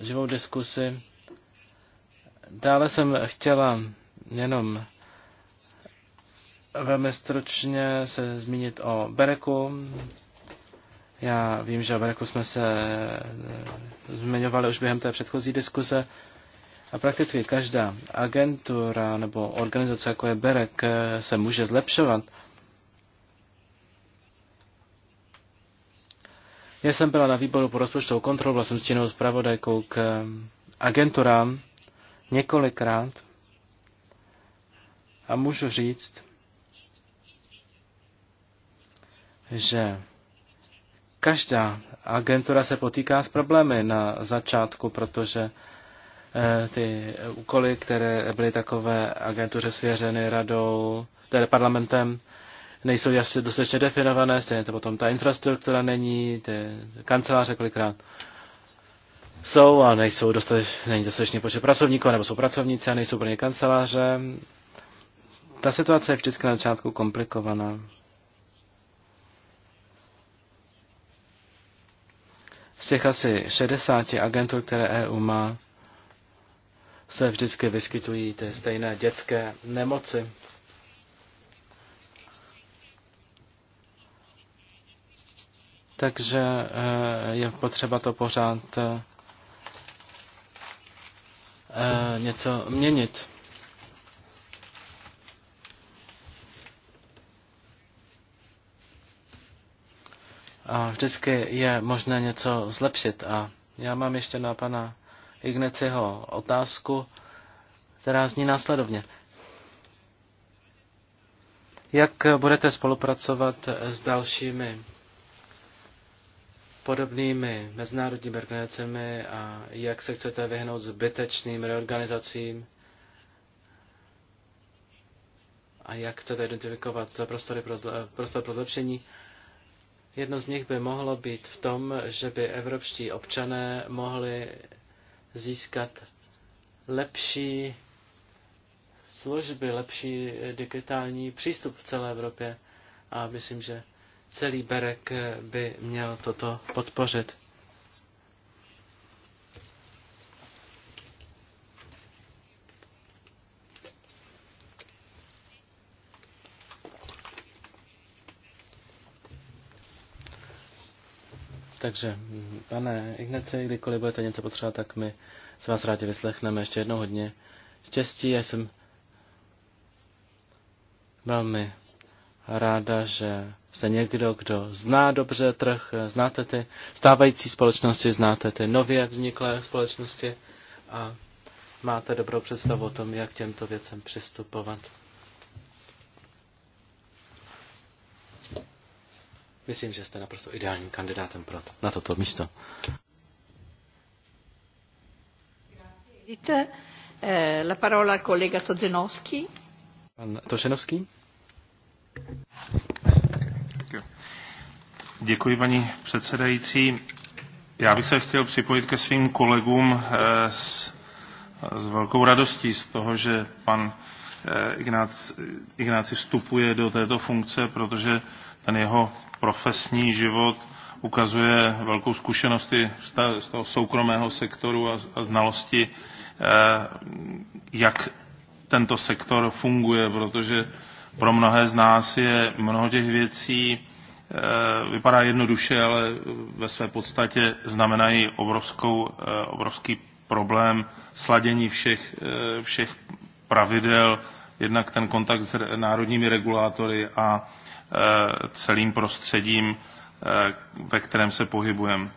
živou diskusi. Dále jsem chtěla jenom velmi stručně se zmínit o Bereku. Já vím, že o Bereku jsme se eh, zmiňovali už během té předchozí diskuze. A prakticky každá agentura nebo organizace, jako je Berek, eh, se může zlepšovat. Já jsem byla na výboru pro rozpočtovou kontrolu, byla jsem s zpravodajkou k eh, agenturám několikrát a můžu říct, že každá agentura se potýká s problémy na začátku, protože eh, ty úkoly, které byly takové agentuře svěřeny radou, tedy parlamentem, nejsou jasně dostatečně definované, stejně to potom ta infrastruktura není, ty kanceláře kolikrát jsou a nejsou dostateč, není dostatečný počet pracovníků, nebo jsou pracovníci a nejsou plně kanceláře. Ta situace je vždycky na začátku komplikovaná. Z těch asi 60 agentů, které EU má, se vždycky vyskytují ty stejné dětské nemoci. Takže eh, je potřeba to pořád eh, eh, něco měnit. a vždycky je možné něco zlepšit. A já mám ještě na pana Igneciho otázku, která zní následovně. Jak budete spolupracovat s dalšími podobnými mezinárodními organizacemi a jak se chcete vyhnout zbytečným reorganizacím a jak chcete identifikovat prostory pro, zle, prostor pro zlepšení Jedno z nich by mohlo být v tom, že by evropští občané mohli získat lepší služby, lepší digitální přístup v celé Evropě. A myslím, že celý Berek by měl toto podpořit. Takže, pane Ignace, kdykoliv budete něco potřebovat, tak my se vás rádi vyslechneme. Ještě jednou hodně štěstí. Já jsem velmi ráda, že jste někdo, kdo zná dobře trh, znáte ty stávající společnosti, znáte ty nově vzniklé společnosti a máte dobrou představu o tom, jak těmto věcem přistupovat. Myslím, že jste naprosto ideálním kandidátem pro to, na toto místo. Vidíte, eh, la parola kolega Tozenovský. Pan Tošenovský. Děkuji, paní předsedající. Já bych se chtěl připojit ke svým kolegům eh, s, s velkou radostí z toho, že pan eh, Ignác, Ignáci vstupuje do této funkce, protože ten jeho profesní život ukazuje velkou zkušenost z toho soukromého sektoru a, a znalosti, eh, jak tento sektor funguje, protože pro mnohé z nás je mnoho těch věcí, eh, vypadá jednoduše, ale ve své podstatě znamenají obrovskou, eh, obrovský problém sladění všech, všech pravidel, jednak ten kontakt s národními regulátory a Eh, celým prostředím, eh, ve kterém se pohybujeme.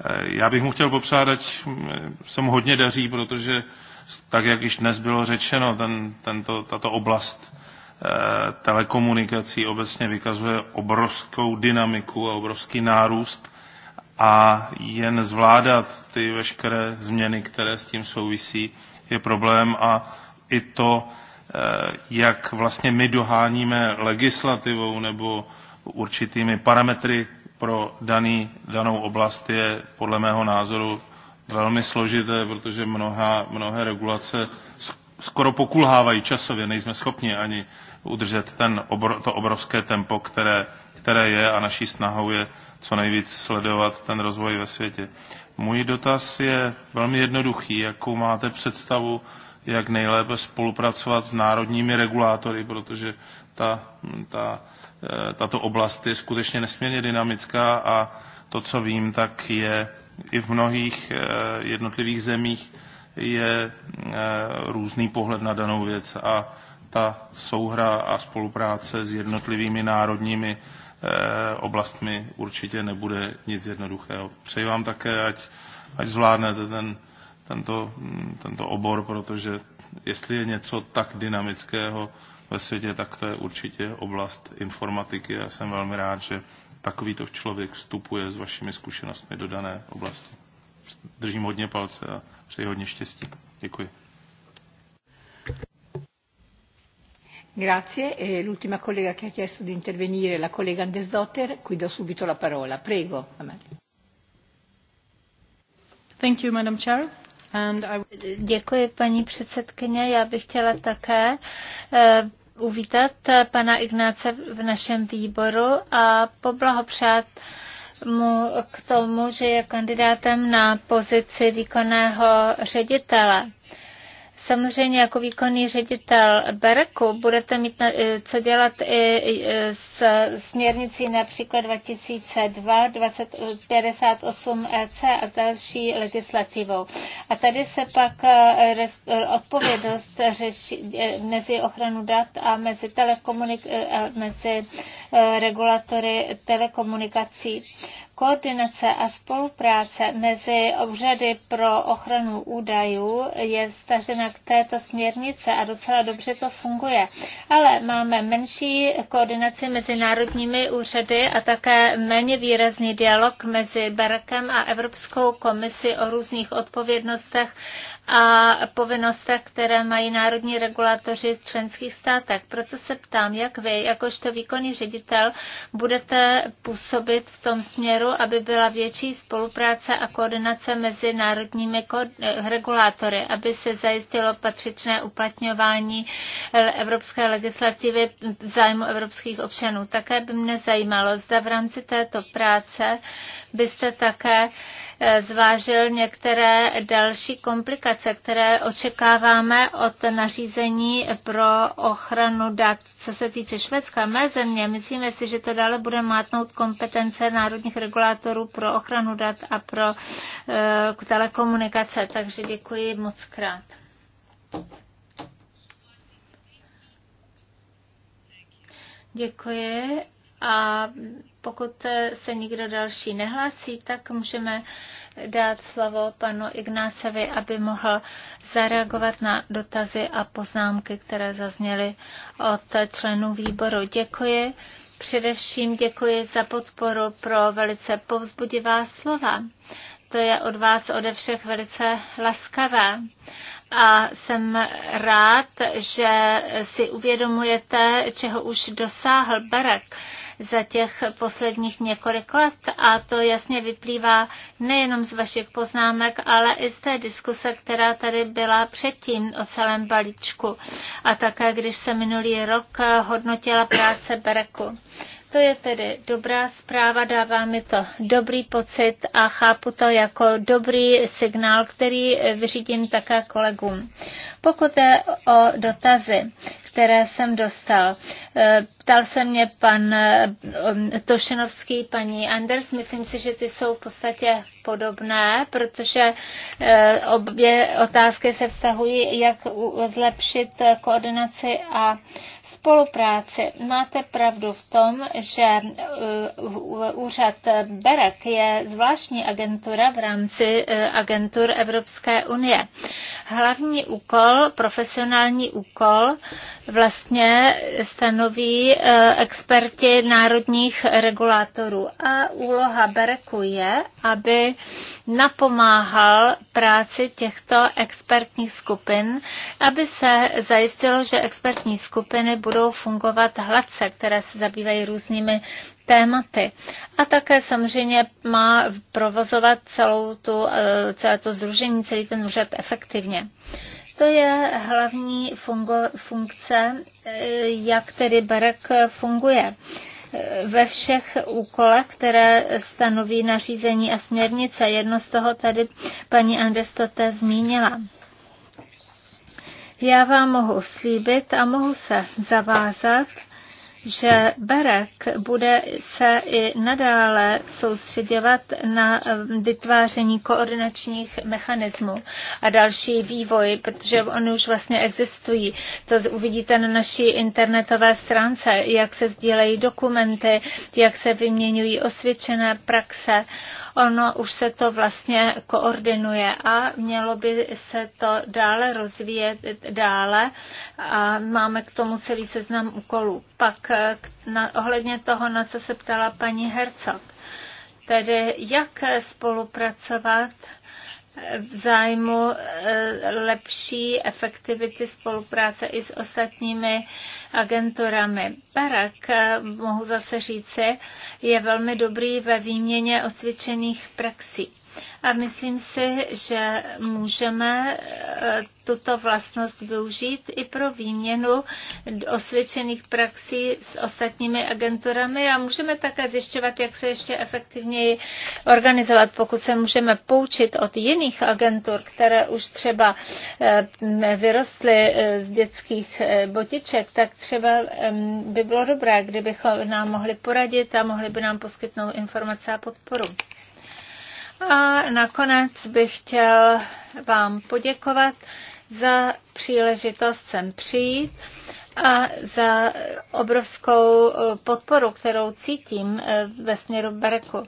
Eh, já bych mu chtěl popřát, ať mm, se mu hodně daří, protože tak, jak již dnes bylo řečeno, ten, tento, tato oblast telekomunikací obecně vykazuje obrovskou dynamiku a obrovský nárůst a jen zvládat ty veškeré změny, které s tím souvisí, je problém a i to Eh, jak vlastně my doháníme legislativou nebo určitými parametry pro daný, danou oblast je podle mého názoru velmi složité, protože mnoha, mnohé regulace skoro pokulhávají časově, nejsme schopni ani udržet ten, obr, to obrovské tempo, které, které je a naší snahou je co nejvíc sledovat ten rozvoj ve světě. Můj dotaz je velmi jednoduchý. Jakou máte představu jak nejlépe spolupracovat s národními regulátory, protože ta, ta, eh, tato oblast je skutečně nesmírně dynamická a to, co vím, tak je i v mnohých eh, jednotlivých zemích je eh, různý pohled na danou věc a ta souhra a spolupráce s jednotlivými národními oblastmi určitě nebude nic jednoduchého. Přeji vám také, ať, ať zvládnete ten tento, mm, tento obor, protože jestli je něco tak dynamického ve světě, tak to je určitě oblast informatiky. Já jsem velmi rád, že takovýto člověk vstupuje s vašimi zkušenostmi do dané oblasti. Držím hodně palce a přeji hodně štěstí. Děkuji. Grazie. E l'ultima collega che ha chiesto di intervenire, la collega Andesdotter, qui do subito la parola. Prego. Amen. Thank you, Madam Chair. Děkuji, paní předsedkyně. Já bych chtěla také eh, uvítat eh, pana Ignáce v našem výboru a poblahopřát mu k tomu, že je kandidátem na pozici výkonného ředitele. Samozřejmě jako výkonný ředitel Berku budete mít eh, co dělat i eh, s směrnicí například 2002, 2058 EC a další legislativou. A tady se pak eh, odpovědnost řeší mezi ochranu dat a mezi, telekomunik- a mezi regulatory telekomunikací. Koordinace a spolupráce mezi obřady pro ochranu údajů je vztažena k této směrnice a docela dobře to funguje. Ale máme menší koordinaci mezi národními úřady a také méně výrazný dialog mezi Barakem a Evropskou komisi o různých odpovědnostech a povinnostech, které mají národní regulátoři z členských státech. Proto se ptám, jak vy, jakožto výkonný ředitel, budete působit v tom směru, aby byla větší spolupráce a koordinace mezi národními regulátory, aby se zajistilo patřičné uplatňování evropské legislativy v zájmu evropských občanů. Také by mě zajímalo, zda v rámci této práce byste také Eh, zvážil některé další komplikace, které očekáváme od nařízení pro ochranu dat. Co se týče Švédska, mé země, myslíme si, že to dále bude mátnout kompetence národních regulátorů pro ochranu dat a pro eh, telekomunikace. Takže děkuji moc krát. Děkuji a pokud se nikdo další nehlásí, tak můžeme dát slovo panu Ignácevi, aby mohl zareagovat na dotazy a poznámky, které zazněly od členů výboru. Děkuji. Především děkuji za podporu pro velice povzbudivá slova. To je od vás ode všech velice laskavé a jsem rád, že si uvědomujete, čeho už dosáhl Berek za těch posledních několik let a to jasně vyplývá nejenom z vašich poznámek, ale i z té diskuse, která tady byla předtím o celém balíčku a také, když se minulý rok hodnotila práce Bereku. To je tedy dobrá zpráva, dává mi to dobrý pocit a chápu to jako dobrý signál, který vyřídím také kolegům. Pokud je o dotazy, které jsem dostal. E, ptal se mě pan e, um, Tošenovský, paní Anders, myslím si, že ty jsou v podstatě podobné, protože e, obě otázky se vztahují, jak zlepšit koordinaci a spolupráci. Máte pravdu v tom, že eh, úřad BEREC je zvláštní agentura v rámci eh, agentur Evropské unie. Hlavní úkol, profesionální úkol, vlastně stanoví eh, experti národních regulátorů. A úloha BERECu je, aby napomáhal práci těchto expertních skupin, aby se zajistilo, že expertní skupiny budou budou fungovat hladce, které se zabývají různými tématy. A také samozřejmě má provozovat celou tu, eh, celé to združení, celý ten úřad efektivně. To je hlavní fungo- funkce, eh, jak tedy BEREK funguje eh, ve všech úkolech, které stanoví nařízení a směrnice. Jedno z toho tady paní Anderstote zmínila. Já vám mohu slíbit a mohu se zavázat, že Berek bude se i nadále soustředěvat na eh, vytváření koordinačních mechanismů a další vývoj, protože oni už vlastně existují. To uvidíte na naší internetové stránce, jak se sdílejí dokumenty, jak se vyměňují osvědčené praxe ono už se to vlastně koordinuje a mělo by se to dále rozvíjet dále a máme k tomu celý seznam úkolů. Pak na, ohledně toho, na co se ptala paní Hercog. Tedy jak spolupracovat v zájmu eh, lepší efektivity spolupráce i s ostatními agenturami. Barak, eh, mohu zase říci, je velmi dobrý ve výměně osvědčených praxí. A myslím si, že můžeme eh, tuto vlastnost využít i pro výměnu osvědčených praxí s ostatními agenturami a můžeme také zjišťovat, jak se ještě efektivněji organizovat, pokud se můžeme poučit od jiných agentur, které už třeba eh, vyrostly eh, z dětských botiček, tak třeba by bylo dobré, kdybychom nám mohli poradit a mohli by nám poskytnout informace a podporu. A nakonec bych chtěl vám poděkovat za příležitost sem přijít a za obrovskou eh, podporu, kterou cítím eh, ve směru Bereku.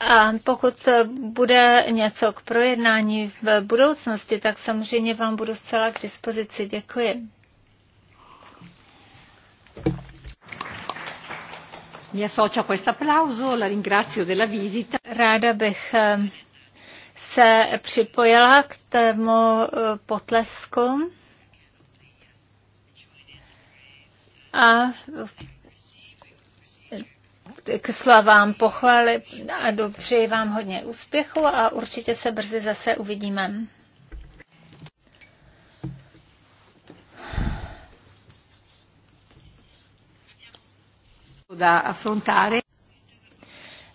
A pokud bude něco k projednání v budoucnosti, tak samozřejmě vám budu zcela k dispozici. Děkuji. a Ráda bych eh, se připojila k tomu eh, potlesku a eh, k slavám pochvály a přeji vám hodně úspěchu a určitě se brzy zase uvidíme.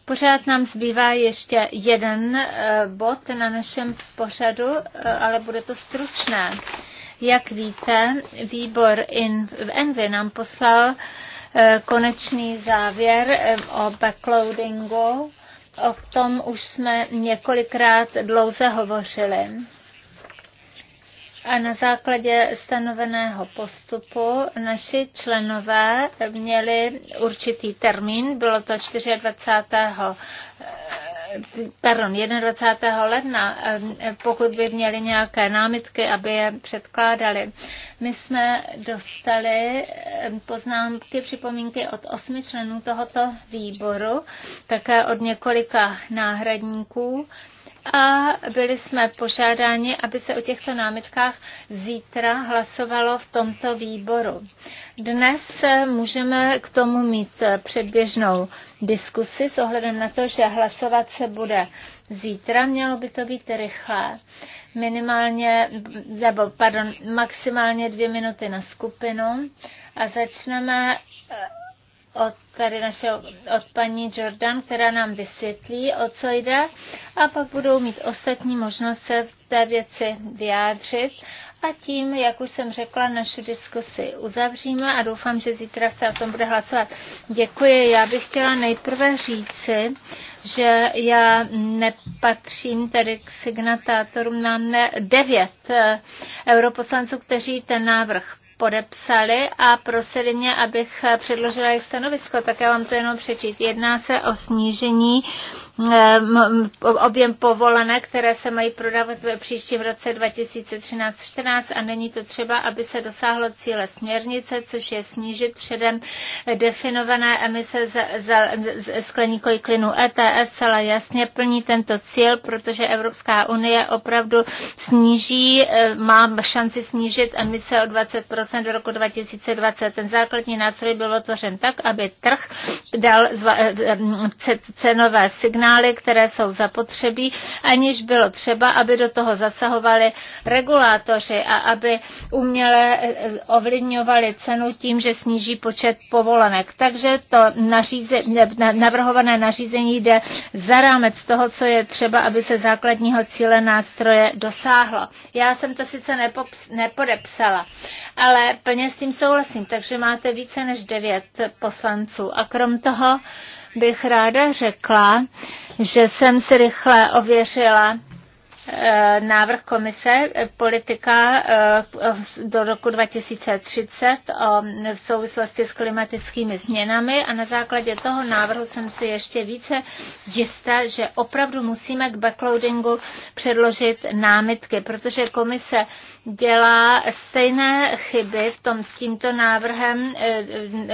Pořád nám zbývá ještě jeden eh, bod na našem pořadu, eh, ale bude to stručné. Jak víte, výbor in, v Envy nám poslal eh, konečný závěr o backloadingu. O tom už jsme několikrát dlouze hovořili. A na základě stanoveného postupu naši členové měli určitý termín, bylo to 24 pardon, 21. ledna, pokud by měli nějaké námitky, aby je předkládali. My jsme dostali poznámky, připomínky od osmi členů tohoto výboru, také od několika náhradníků, a byli jsme požádáni, aby se o těchto námitkách zítra hlasovalo v tomto výboru. Dnes eh, můžeme k tomu mít eh, předběžnou diskusi s ohledem na to, že hlasovat se bude zítra. Mělo by to být rychlé. Minimálně, nebo pardon, maximálně dvě minuty na skupinu a začneme eh, od tady našeho, od paní Jordan, která nám vysvětlí, o co jde a pak budou mít ostatní možnost se v té věci vyjádřit. A tím, jak už jsem řekla, naši diskusi uzavříme a doufám, že zítra se o tom bude hlasovat. Děkuji. Já bych chtěla nejprve říci, že já nepatřím tedy k signatátorům. Máme devět eh, europoslanců, kteří ten návrh podepsali a prosili mě, abych předložila jejich stanovisko, tak já vám to jenom přečít. Jedná se o snížení Ehm, objem povolené, které se mají prodávat ve příštím roce 2013-14 a není to třeba, aby se dosáhlo cíle směrnice, což je snížit předem definované emise za, za, za skleníkových klinu ETS, ale jasně plní tento cíl, protože Evropská unie opravdu sníží, ehm, má šanci snížit emise o 20% do roku 2020. Ten základní nástroj byl otvořen tak, aby trh dal ehm, cenové signály signály, které jsou zapotřebí, aniž bylo třeba, aby do toho zasahovali regulátoři a aby uměle eh, eh, ovlivňovali cenu tím, že sníží počet povolenek. Takže to naříze, navrhované nařízení jde za rámec toho, co je třeba, aby se základního cíle nástroje dosáhlo. Já jsem to sice nepops, nepodepsala, ale plně s tím souhlasím, takže máte více než devět poslanců. A krom toho bych ráda řekla, že jsem si rychle ověřila Eh, návrh komise eh, politika eh, do roku 2030 v souvislosti s klimatickými změnami a na základě toho návrhu jsem si ještě více jistá, že opravdu musíme k backloadingu předložit námitky, protože komise dělá stejné chyby v tom s tímto návrhem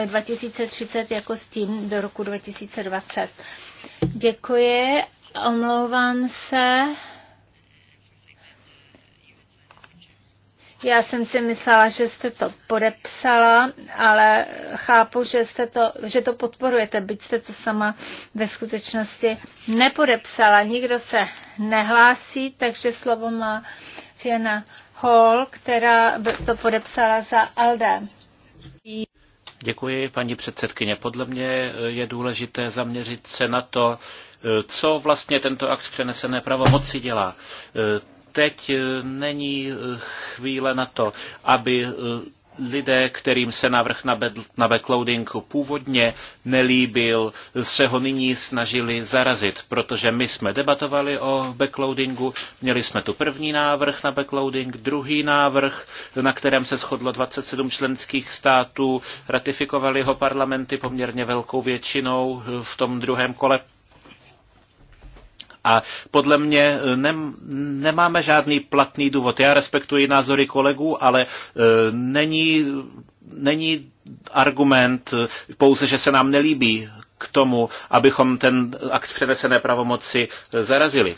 2030 jako s tím do roku 2020. Děkuji, omlouvám se. Já jsem si myslela, že jste to podepsala, ale chápu, že, jste to, že to podporujete, byť jste to sama ve skutečnosti nepodepsala. Nikdo se nehlásí, takže slovo má Fiona Hall, která to podepsala za Alde. Děkuji, paní předsedkyně. Podle mě je důležité zaměřit se na to, co vlastně tento akt přenesené pravomoci dělá teď eh, není eh, chvíle na to, aby eh, lidé, kterým se návrh na backloading původně nelíbil, se ho nyní snažili zarazit, protože my jsme debatovali o backloadingu, měli jsme tu první návrh na backloading, druhý návrh, na kterém se shodlo 27 členských států, ratifikovali ho parlamenty poměrně velkou většinou v tom druhém kole a podle mě eh, nem, nemáme žádný platný důvod. Já respektuji názory kolegů, ale e, není, není argument eh, pouze, že se nám nelíbí k tomu, abychom ten akt přenesené pravomoci zarazili.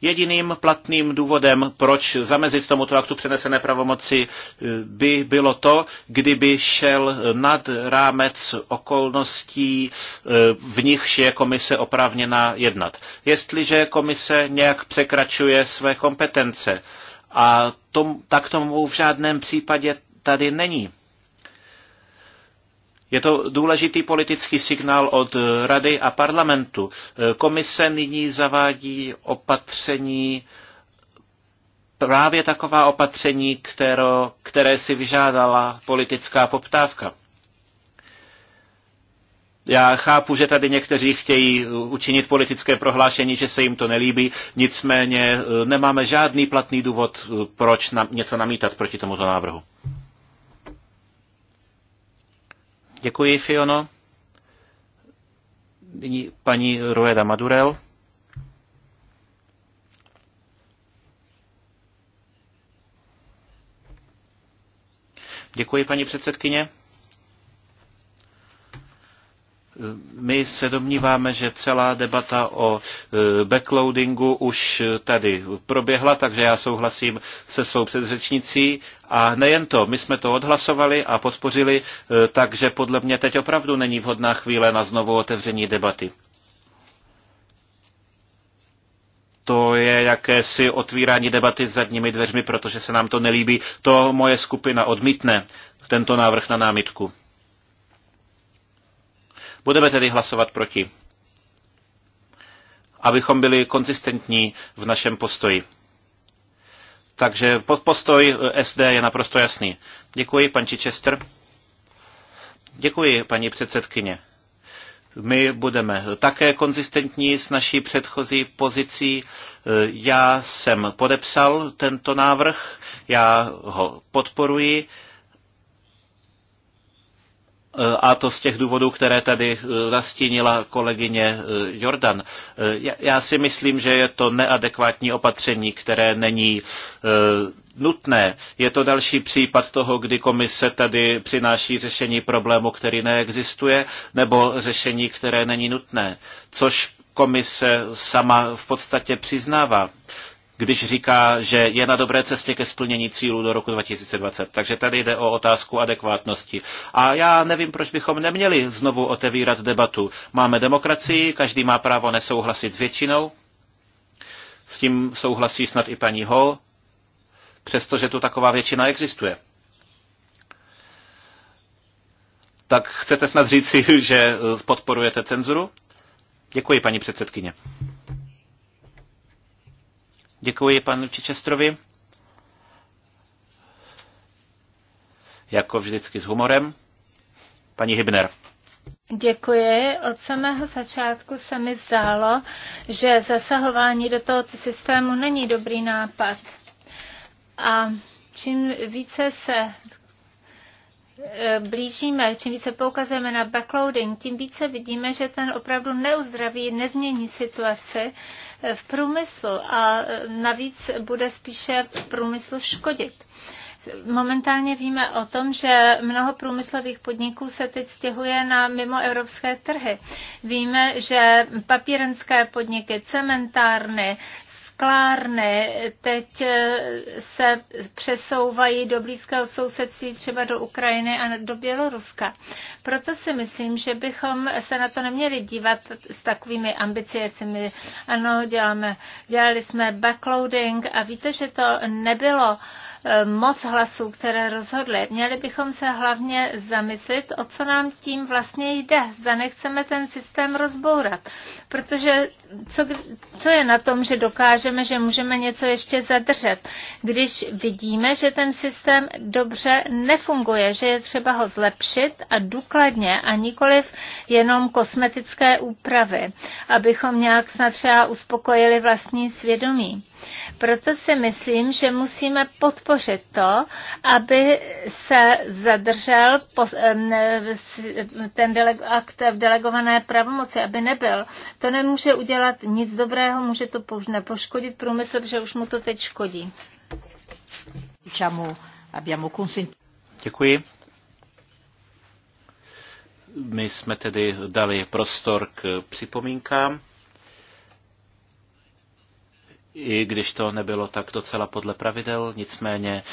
Jediným platným důvodem, proč zamezit tomuto aktu přenesené pravomoci, eh, by bylo to, kdyby šel nad rámec okolností, eh, v nichž je komise oprávněna jednat. Jestliže komise nějak překračuje své kompetence, a tom, tak tomu v žádném případě tady není. Je to důležitý politický signál od Rady a parlamentu. Komise nyní zavádí opatření, právě taková opatření, kterou, které si vyžádala politická poptávka. Já chápu, že tady někteří chtějí učinit politické prohlášení, že se jim to nelíbí, nicméně e, nemáme žádný platný důvod, e, proč něco namítat proti tomuto návrhu. Děkuji, Fiono. Nyní paní Rueda Madurel. Děkuji, paní předsedkyně. My se domníváme, že celá debata o e, backloadingu už tady proběhla, takže já souhlasím se svou předřečnicí. A nejen to, my jsme to odhlasovali a podpořili, e, takže podle mě teď opravdu není vhodná chvíle na znovu otevření debaty. to je jakési otvírání debaty s zadními dveřmi, protože se nám to nelíbí. To moje skupina odmítne, tento návrh na námitku. Budeme tedy hlasovat proti, abychom byli konzistentní v našem postoji. Takže postoj eh, SD je naprosto jasný. Děkuji, pan Chichester. Děkuji, paní předsedkyně. My budeme také konzistentní s naší předchozí pozicí. Eh, já jsem podepsal tento návrh, já ho podporuji a to z těch důvodů, které tady eh, nastínila kolegyně eh, Jordan. Eh, já si myslím, že je to neadekvátní opatření, které není nutné. Je to další případ toho, kdy komise tady přináší řešení problému, který neexistuje, nebo řešení, které není nutné, což komise sama v podstatě přiznává když říká, že je na dobré cestě ke splnění cílů do roku 2020. Takže tady jde o otázku adekvátnosti. A já nevím, proč bychom neměli znovu otevírat debatu. Máme demokracii, každý má právo nesouhlasit s většinou. S tím souhlasí snad i paní Hall, přestože tu taková většina existuje. Tak chcete snad říci, že podporujete cenzuru? Děkuji, paní předsedkyně. Děkuji panu Čičestrovi. Jako vždycky s humorem. Paní Hybner. Děkuji. Od samého začátku se mi zdálo, že zasahování do tohoto systému není dobrý nápad. A čím více se e, blížíme, čím více poukazujeme na backloading, tím více vidíme, že ten opravdu neuzdraví, nezmění situaci v průmyslu a navíc bude spíše průmyslu škodit. Momentálně víme o tom, že mnoho průmyslových podniků se teď stěhuje na mimoevropské trhy. Víme, že papírenské podniky, cementárny, sklárny teď eh, se přesouvají do blízkého sousedství, třeba do Ukrajiny a do Běloruska. Proto si myslím, že bychom se na to neměli dívat s takovými ambiciecemi. Ano, děláme, dělali jsme backloading a víte, že to nebylo uh, Eh, moc hlasů, které rozhodly. Měli bychom se hlavně zamyslit, o co nám tím vlastně jde. Zda nechceme ten systém rozbourat. Protože co, co je na tom, že dokážeme, že můžeme něco ještě zadržet, když vidíme, že ten systém dobře nefunguje, že je třeba ho zlepšit a důkladně a nikoliv jenom kosmetické úpravy, abychom nějak snad třeba uspokojili vlastní svědomí. Proto si myslím, že musíme podpořit to, aby se zadržel ten akt v delegované pravomoci, aby nebyl. To nemůže udělat nic dobrého, může to poškodit průmysl, že už mu to teď škodí. Děkuji. My jsme tedy dali prostor k připomínkám i když to nebylo tak docela podle pravidel, nicméně e,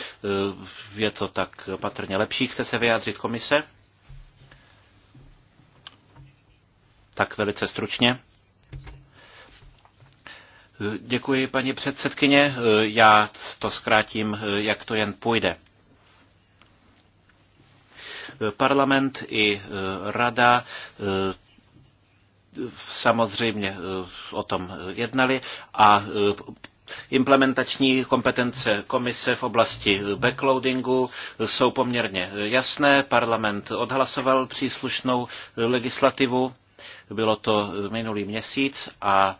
je to tak patrně lepší. Chce se vyjádřit komise? Tak velice stručně. E, děkuji, paní předsedkyně. E, já to zkrátím, jak to jen půjde. Parlament i rada samozřejmě eh, o tom jednali a eh, implementační kompetence komise v oblasti backloadingu jsou poměrně jasné. Parlament odhlasoval příslušnou legislativu, bylo to minulý měsíc a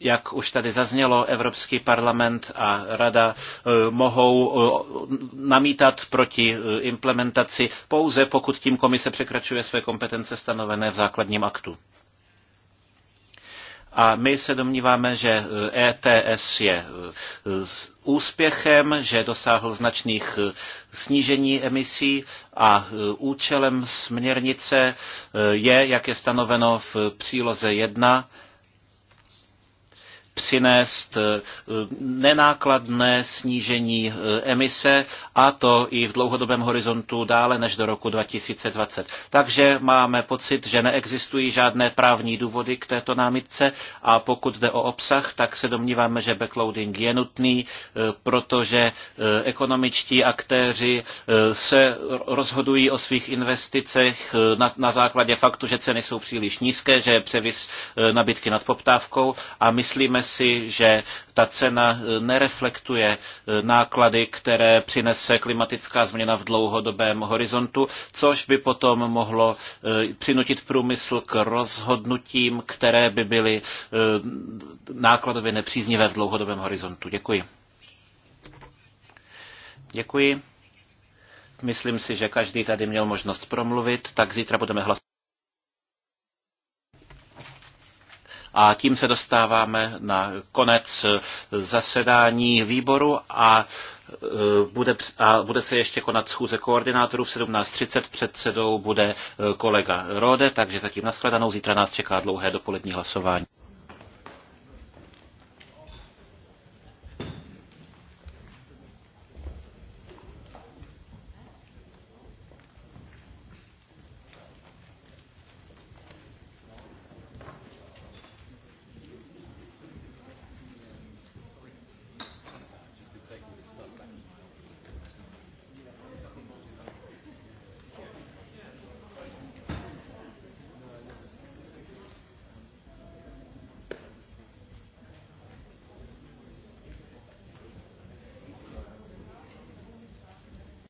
jak už tady zaznělo, Evropský parlament a rada e, mohou e, namítat proti e, implementaci pouze pokud tím komise překračuje své kompetence stanovené v základním aktu. A my se domníváme, že ETS je úspěchem, že dosáhl značných snížení emisí a účelem směrnice je, jak je stanoveno v příloze 1, přinést eh, nenákladné snížení eh, emise a to i v dlouhodobém horizontu dále než do roku 2020. Takže máme pocit, že neexistují žádné právní důvody k této námitce a pokud jde o obsah, tak se domníváme, že backloading je nutný, eh, protože ekonomičtí aktéři se rozhodují o svých investicech na, na základě faktu, že ceny jsou příliš nízké, že je převis nabídky nad poptávkou a myslíme si, že ta cena e, nereflektuje e, náklady, které přinese klimatická změna v dlouhodobém horizontu, což by potom mohlo e, přinutit průmysl k rozhodnutím, které by byly nákladově nepříznivé v dlouhodobém horizontu. Děkuji. Děkuji. Myslím si, že každý tady měl možnost promluvit, tak zítra budeme hlasovat. A tím se dostáváme na konec zasedání výboru a e, bude, a bude se ještě konat schůze koordinátorů v 17.30. Předsedou bude e, kolega Rode, takže zatím nashledanou. Zítra nás čeká dlouhé dopolední hlasování.